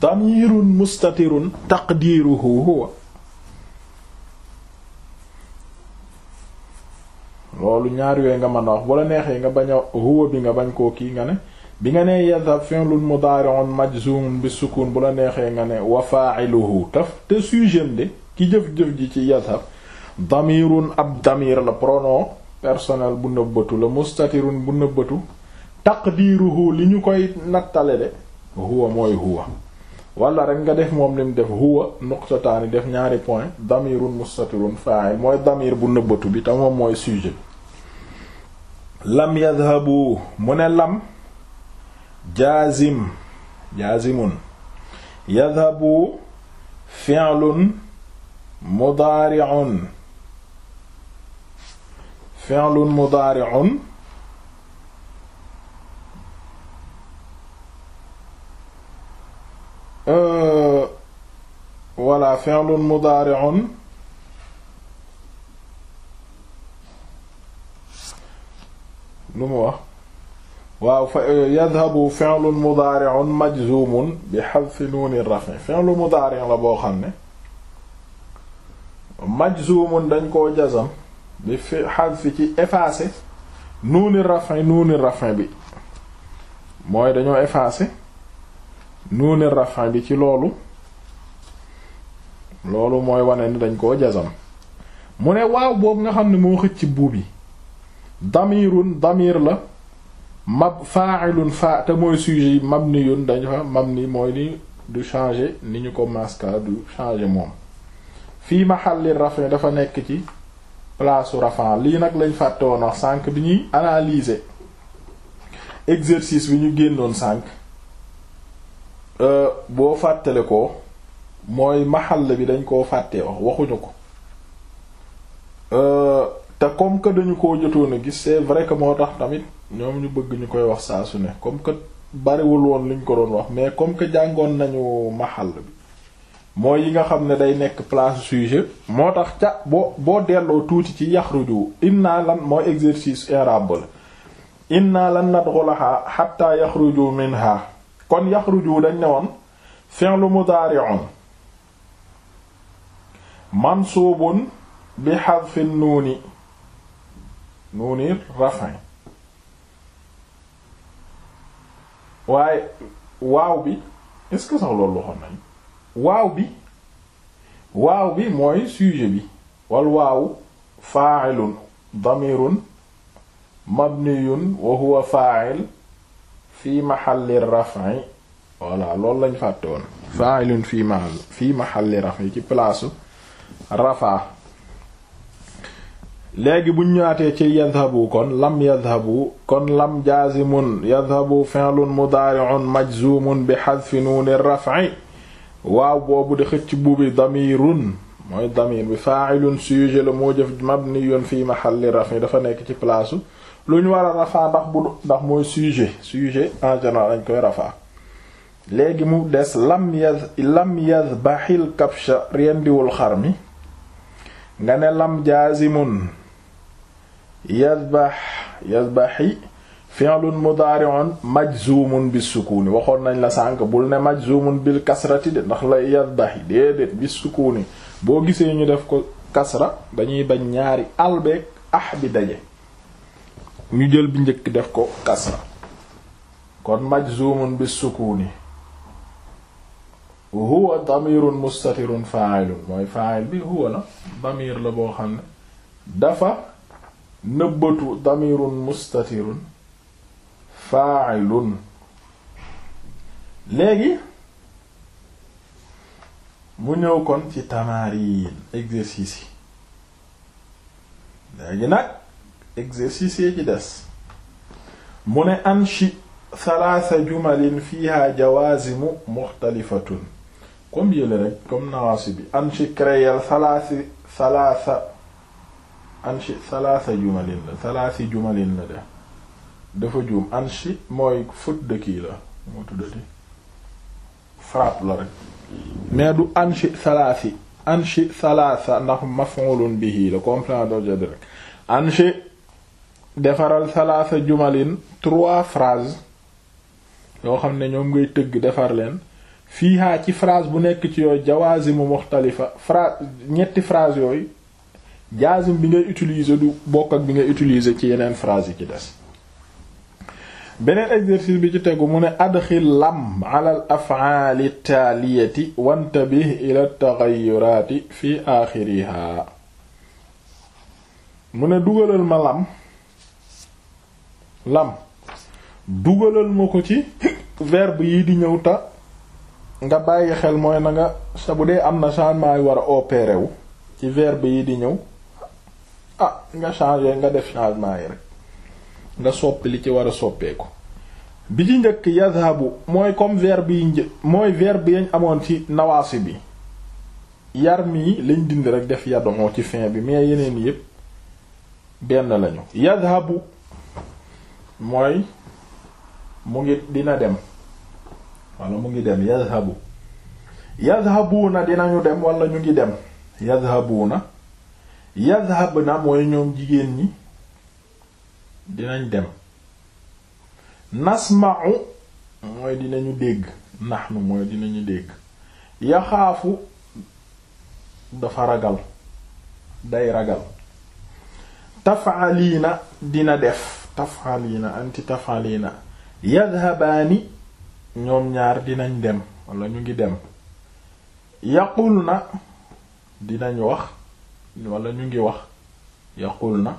damirun mustatirun taqdiiruhu huwa loolu ñaari yooyu nga man a wax bu la neexee nga bañ a huwa bi nga bañ koo kii nga ne bi nga ne yadhab fi'lun mudari'un majzumun bi sukun bu la neexee nga ne wa fa'iluhu taf te sujet de ki jëf-jëf ji ci yadhab damirun ab damir la pronom personnel bu nëbbatu la mustatirun bu nëbbatu taqdiruhu li ñu koy nattale de huwa mooy huwa wala rek nga def moom lim def huwa nuqtataani def ñaari point damirun mustatirun fa'il mooy damir bu nëbbatu bi te mooy sujet lam yadhabu mu ne lam jaazim jaazimun yadhabu fi'lun mudaari'un fi'lun mudaari'un wala euh, fi'lun mudaari'un lu mu wax waaw fa eh, yadhabu fi'lun mudari'un majzumun bi hadfi nuuni rafin fi'lu mudari' la boo xam ne majzumun dañ koo jazam bi fi hadfi ci effacé nuuni rafin nuuni rafin bi mooy dañoo effacé nuuni rafin bi ci loolu loolu mooy wane ni dañ koo jazam mu ne waaw boobu nga xam ne moo xëcc buub yi damirun damir la mab fa'ilun fa te mooy sujet mabniyun dañu fa mabni mooy ni du changer ni ñu ko maska du changer moom fii mahalli rafin dafa nekk ci placeu rafan lii nag lañ fàtte woon wax sànq bi ñuy analyser exercice bi ñu génnoon sànq euh, boo fàttale ko mooy mahall bi dañ koo fàttee wax waxuñu ko euh, te comme que dañu ko jotoon a gis c'est vrai que moo tax tamit ñoom ñu bëgg ñu koy wax saa su ne comme que bariwul woon liñ ko doon wax mais comme que jàngoon nañu maxal bi mooy yi nga xam ne day nekk place sujet moo tax ca boo boo delloo tuuti ci yaxruju inna lan mooy exercice i'rab la inna lan nadxulaha hatta yaxruju minha kon yaxruju dañ ne woon fi'lu mudari'un mansubun bi hadfin nuuni nuunir rafin waaye waaw bi est que sax loolu waxoon waaw bi waaw bi mooy sujet bi wal waaw fa'ilun damirun mabniyun wa huwa fa'il fi mahalli raf'i voilà loolu lañ fàtte woon fa'ilun fi mahall fi mahalli raf'i ci place rafa léegi buñ ñëwaatee ci yadhabu kon lam yadhabu kon lam jazimun yadhabu fi'lun mudaari'un majzumun bi hadfi nuuni raf'i waaw boobu di xëcc buubi damirun mooy damir bi fa'ilun sujet la moo jëf mabniyun fi mahalli raf'i dafa nekk ci place lu ñu war a rafaa ndax bu ndax mooy sujet sujet en général koy rafaa léegi mu des lam yaz lam yadhbahil kabsha rendiwul xar mi nga ne lam jazimun yadbax yadbaxi fi'lun mudaari'un majzumun bissukuuni waxoon nañ la sànk bul ne majzumun bil kasrati de ndax la yadbaxi déedéet bissukuuni boo gisee ñu def ko kasra dañuy bañ ñaari albeeg ax ah bi daje ñu jël bi njëkk def ko kasra kon majzumun bissukuuni huwa damirun mustatirun fa'ilun mooy fa'il bi huwa la damir la boo xam ne dafa nëbbatu damirun mustatirun fa'ilun léegi mu ñëw kon ci tamarin exercice yi léegi nag exercice yi ci des mu ne anchi thalatha jumalin fiha jawazimu muxtalifatun comme yële rek comme nawaasi bi anchi créer thalathi thalatha anche salaasa jumalin la salaasi jumalin la de dafa juum anshi mooy faute de kii la moo tuddati frappe la rek mais du anshi salaasi anshi salaasa ndax maf'ulun bihi la complément d'objet direct anshi defaral salaasa jumalin trois phrases yoo xam ne ñoom ngay tëgg defar leen fiihaa ci phrase bu nekk ci yooyu jawaazimu muxtalifa phrase ñetti phrase yooyu jaazim bi ngay utiliser du bokk ak bi ngay utiliser ci yeneen phrase yi ci des beneen exercice bi ci tegu mu ne adxil lam ala al af'aali taaliyati wantabih ila taxayuraati fi aaxiriha mu ne dugalal ma lam lam dugalal ma ko ci verbe yi di ñëw ta nga bàyyi xel mooy na nga bu dee am na changement yu war a opéré ci verbe yi di ñëw ah nga changer nga def changement yi rek nga soppi li ci war a soppeeku bi ci njëkk yazhabu mooy comme verbe yi një mooy verbe yañ amoon ci nawaasi bi yar mii lañ dindi rek def yadon ci fin bi mais yeneen yépp benn lañu yazhabu mooy mu ngi dina dem wala mu ngi dem yazhabu na dinañu dem wala ñu ngi dem yazhabuna yadhhabna mooy ñoom jigéen ñi dinañ dem nasma'u mooy dinañu dégg nahnu mooy dinañu dégg yaxaafu dafa ragal day ragal taf'alina dina def taf'alina anti taf'alina yadhhabani ñoom ñaar dinañ dem wala ñu ngi dem yaqulna dinañ wax wala ñu ngi wax yaqul na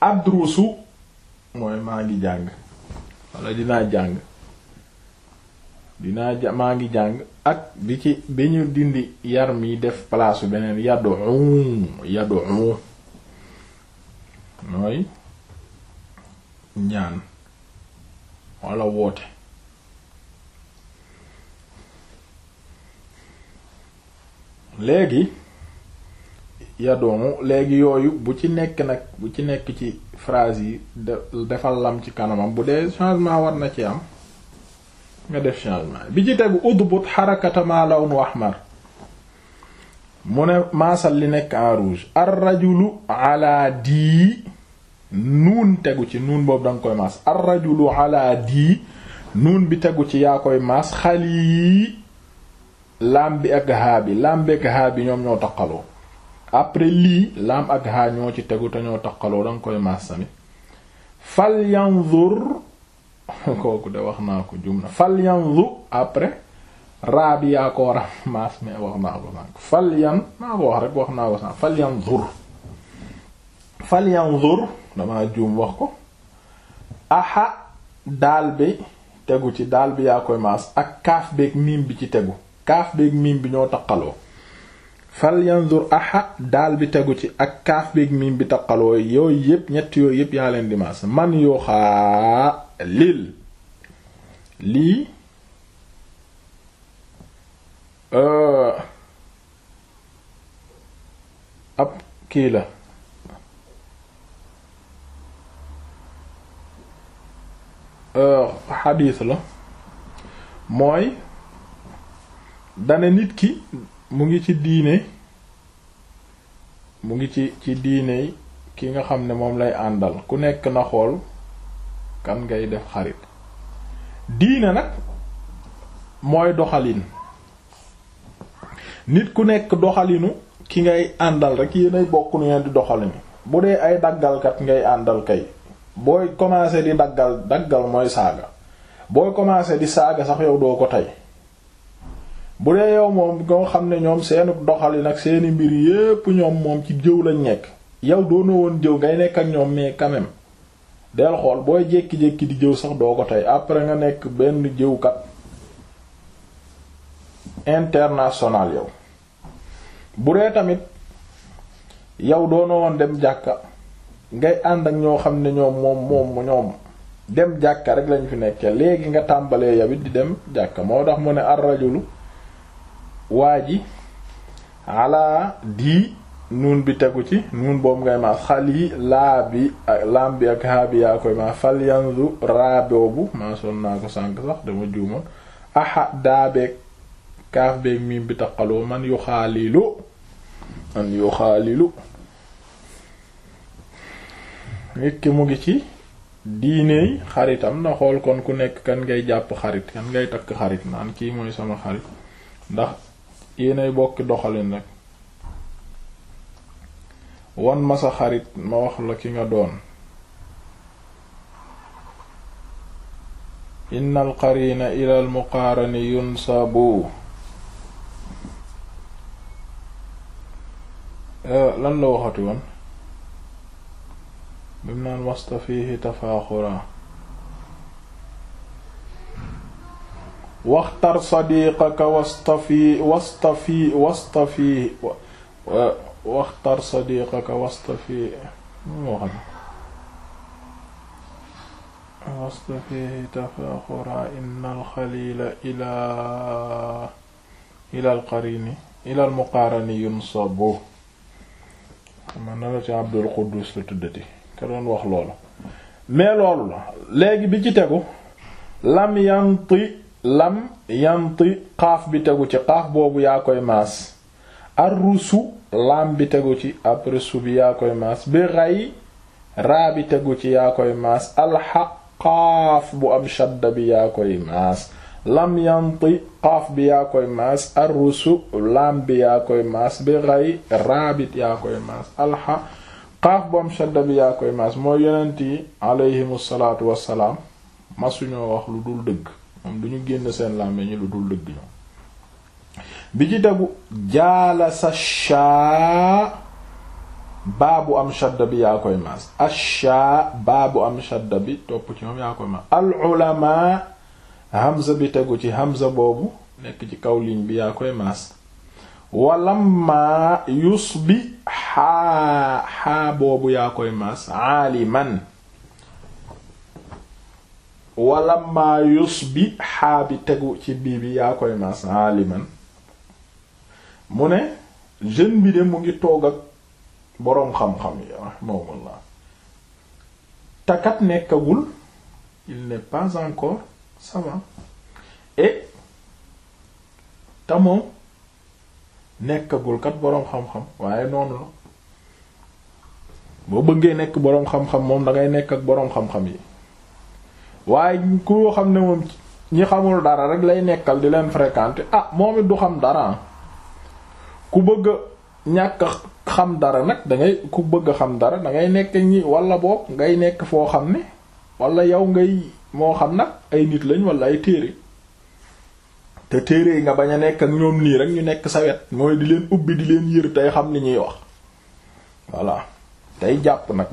adrusu mooy maa ngi jàng wala dinaa jàng dinaa maa ngi jàng ak bi ci bi ñu dindi yar mi def palaasu beneen yaddu yaddu mooy ñaan wala woote léegi yadoomu léegi yooyu bu ci nekk nag bu ci nekk ci phrase yi defal lam ci kanamam bu dee changement war na ci am nga def changement bi ci tegu udbut xarakata ma lawnu ahmar mu ne maasal li nekk en rouge ar rajulu ala dii nuun tegu ci nuun boobu danga koy maas ar rajulu nuun bi tegu ci yaa koy maas xali yi lam bi ak haa bi bi ak haa ñoom ñoo taqaloo après lii laam ak haa ñoo ci tegu te ñoo taqaloo danga koy maasami fal yanzur kooku de wax naa ko jumla fal yanzu après raabi yaa ko war maas mais wax naa ko sànq fal yan naa ko wax rek wax naa ko sànq fal damaa juum wax ko aha daal bi tegu ci daal bi yaa koy maas ak kaaf beeg miim bi ci tegu kaaf beeg miim bi ñoo taqaloo fal yanzur aha daal bi tegu ci ak kaaf beeg miim bi taqaloo yooyu yëpp ñett yooyu yëpp yaa leen dimaas man yoo xaa lil lii euh, ab kii la euh, xadiis la mooy dane nit ki mu ngi ci diine mu ngi ci ci diine ki nga xam ne moom lay àndal ku nekk na xool kan ngay def xarit diine nag mooy doxalin nit ku nekk doxalinu ki ngay àndal rek yéenay bokk nu ngeen di doxalinu bu dee ay daggalkat ngay àndal kay booy commencer di daggal daggal mooy saaga booy commencer di saaga sax yow doo ko tey bu dee yow moom nga xam ne ñoom seenu doxalin ak seeni mbir yépp ñoom moom ci jëw lañ nekk yow doona woon jëw ngay nekk ak ñoom mais quand même del xool booy jékki-jékki di jëw sax doo ko tey après nga nekk benn jëwkat international yow bu dee tamit yow doona woon dem jàkka ngay ànd ak ñoo xam ne ñoom moom moom ñoom dem jàkka rek lañ fi nekkee léegi nga tàmbalee yow di dem jàkka moo tax mu ne ar rajulu waa ji ala di nuun bi tegu ci nuun boobu ngay maas xal yi laa ak lam bi ak haabi yaa koy maas fal yanzu raa boobu maasoon ko sànk sax dama juumoon aha daabeeg kaaf beeg miim bi taqaloo man yu xaalilu man yu xaalilu nit ki mu ngi ci diineey xaritam na xool kon ku nekk kan ngay jàpp xarit kan ngay takk xarit naan kii mooy sama xarit ndax yéenay bokki doxalin rek wan masa xarit ma wax la ki nga doon inna al qarina ila al muqaarani eh, lan la waxati woon bi naan wasta fiihi tafaaxura waxtar sadiqaka wastafi wastafi wastafi waxtar sadiqaka wastafi wastafihi tafaxura inna alxalila ila ila alqarini ila almuqaarani yunsabu man na la ci Abdul Quddus la tuddati ka doon wax loolu mais loolu la léegi bi ci tegu lam yanti lam yanti xaaf bi tegu ci xaaf boobu yaa koy maas arrusu lam bi tegu ci après su bi yaa koy maas bi ray raa bi tegu ci yaa koy maas alxaqaaf bu am shadda bi yaa koy maas lam yanti xaaf bi yaa koy maas arrusu lam bi yaa koy maas bi ray raa bi yaa koy maas alxa xaaf bu am shadda bi yaa koy maas mooy yonent yi aleyhimu salaatu wassalaam masuñoo wax lu dul dëgg moom duñu génn seen làmmiñ ñu lu dul dëgg ñoom bi ci tegu jaalasa shaa baabu am shadda bi yaa koy maas ashaa baabu am shadda bi topp ci moom yaa koy maas al ulama hamza bi tegu ci hamza boobu nekk ci kaw ligne bi yaa koy maas walamma yusbi xaa xaa boobu yaa koy maas aaliman wala bi xaa bi xaabi tegu ci bii bi yaa koy maas aliman mu ne jeune bi de mu ngi toog ak boroom xam-xam yi rahimahumullah takat nekkagul il n'est pas encore savant et te moom nekkagul kat boroom xam-xam waaye noonu la boo bëggee nekk boroom xam-xam moom dangay nekk ak boroom xam-xam yi waaye koo xam ne moom ñi xamul dara rek lay nekkal di leen fréquenter ah moom it du xam dara ku bëgg ñàkk xam dara nag dangay ku bëgg xam dara dangay nekk ñi walla boog ngay nekk foo xam ne wala yow ngay moo xam nag ay nit lañ wala ay téere te téere yi nga bañ a nekk ñoom nii rek ñu nekk sa wet mooy di leen ubbi di leen yër tey xam li ñuy wax voilà tey jàpp nag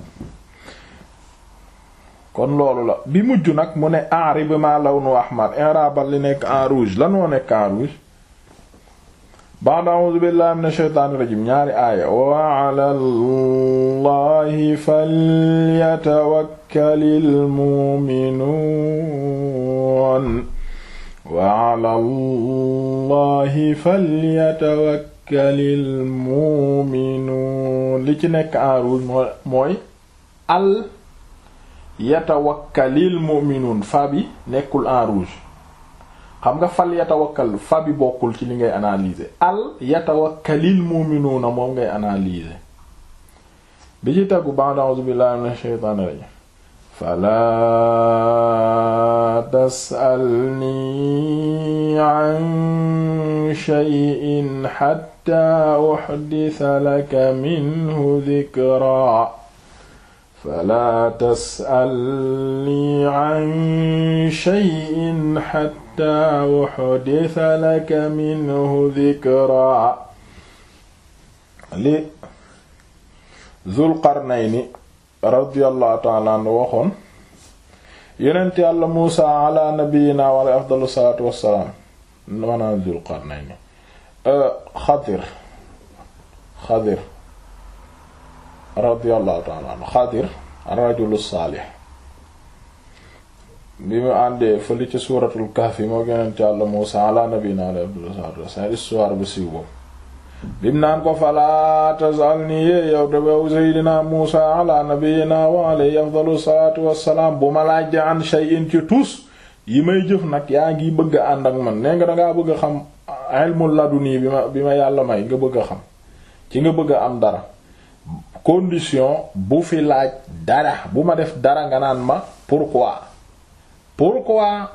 kon loolu la bi mujj nag mu ne arib ma lawnu ahmar i'rabal li nekk en rouge lan moo nekk en rouge ba'da a'uuzu billahi minash shaytaanir rajiim ñaari aaya wa 'ala llahi falyatawakkalil mu'minuun li ci nekk en mooy al yatawakkalil mu'minun fa bi nekkul en rouge xam nga fal yatawakkal fa bi bokkul ci li ngay analyser al yatawakkalil mu'minuna moom ngay analyser bi ci tegu ba'da a'udhu billahi minash shaytanir rajim fala tasalni an shay'in hatta uhditha laka minhu dhikra fala tasalnii an shay'in xatta uxdisa laka minhu dikraa li Zulqarnayni radiyallahu ta'ala anhu waxoon yonent yàlla Muusaa ala nabiyyinaa wa alayhi afdalu salaatu wassalaam maanaam Zulqarnayni Xadir Xadir radiyallahu ta'ala rajulu saalih bi mu àndee fële ci suuratul kahf yi moo yonent Yàlla Muusaa ala nabiyina histoire bu siiw boobu bim naan ko falaa tasalni yee yow dabaw seydina Muusaa ala nabiyina wa alayhi afdalu salaatu bu ma laaj an shay'in ci tuus yi may jëf nag yaa ngi bëgg ànd ak man nee dangaa bëgg a xam ilmul laduni bi ma bi ma yàlla may nga bëgg a xam ci nga bëgg am dara condition bu fi laaj dara bu ma def dara nga naan ma pour pourquoi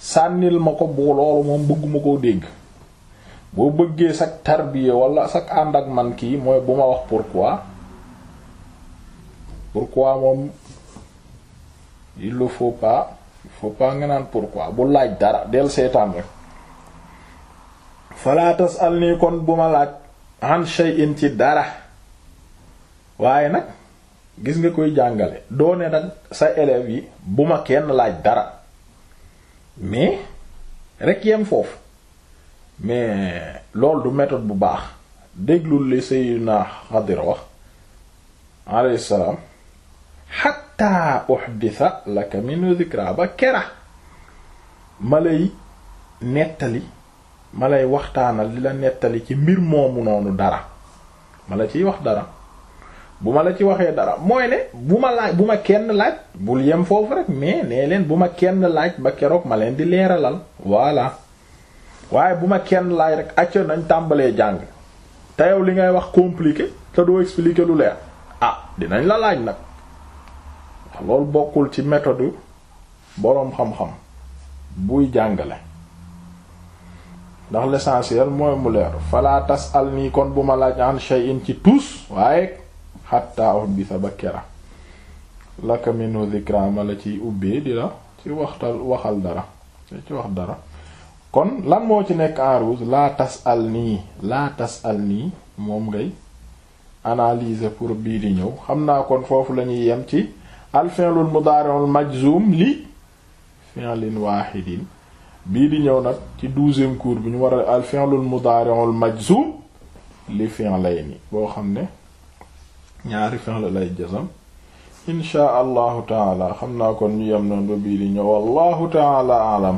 sànnil ma ko bu loolu moom bëgguma koo dégg boo bëggee sak tarbiya wala sak ànd ak man kii mooy bu ma wax pourquoi pourquoi moom il faut pas faut pas nga naan pour pourquoi bu laaj dara del seetaan rek fala tasal nii kon bu ma laaj an shay'in ci dara waaye nag gis nga koy jàngale doo ne nag sa élèves yi bu ma kenn laaj dara mais rek yem foofu mais loolu du méthode bu baax déglul li Sayyidina Xadir wax alayhi salaam hatta uhditha laka min dhikra ba kera ma lay nettali ma lay waxtaanal li la nettali ci mbir moomu noonu dara ma la ciy wax dara bu ma la ci waxee dara mooy bu ma laaj bu ma kenn laaj bul yem foofu rek mais nee leen bu ma kenn laaj ba keroog ma leen di leeralal voilà waaye bu ma kenn laaj rek acca nañ tàmbalee jàng te yow li ngay wax compliqué te doo expliquer lu leer ah dinañ la laaj nag wax loolu bokkul ci méthode boroom xam-xam buy jàngale ndax l'essentiel mooy mu leer fala tas al nii kon bu ma laaj an shay'in ci tous waaye xatta uhdisa ba kera laka minhu zikra ma la ciy ubbee di la ci waxtal waxal dara ci wax dara kon lan moo ci nekk en rouge laa tas al nii laa tas al nii moom ngay analise pour bii di ñëw xam naa kon foofu la ñuy yem ci al fi'lul mudari'ul majzum li fi'lin wahidin bii di ñëw nag ci douzième cours bi ñu war a al fi'lul mudari'ul majzum li fi'layni boo xam ne ñaari fin la lay jasam inchaa allahu taala xam naa kon ñu yem noon ba bii di ñëw wallahu taala aalam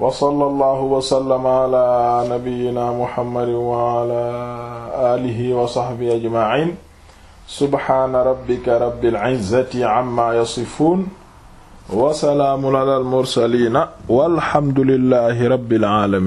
wa sallallahu wa sallama ala nabiyyina muhammadin wa ala alihi wa sahbihi ajma'in subhaana rabbika rabbil izzati amma yasifun wa salaamun ala al mursalina walhamdulillahi rabbil alamin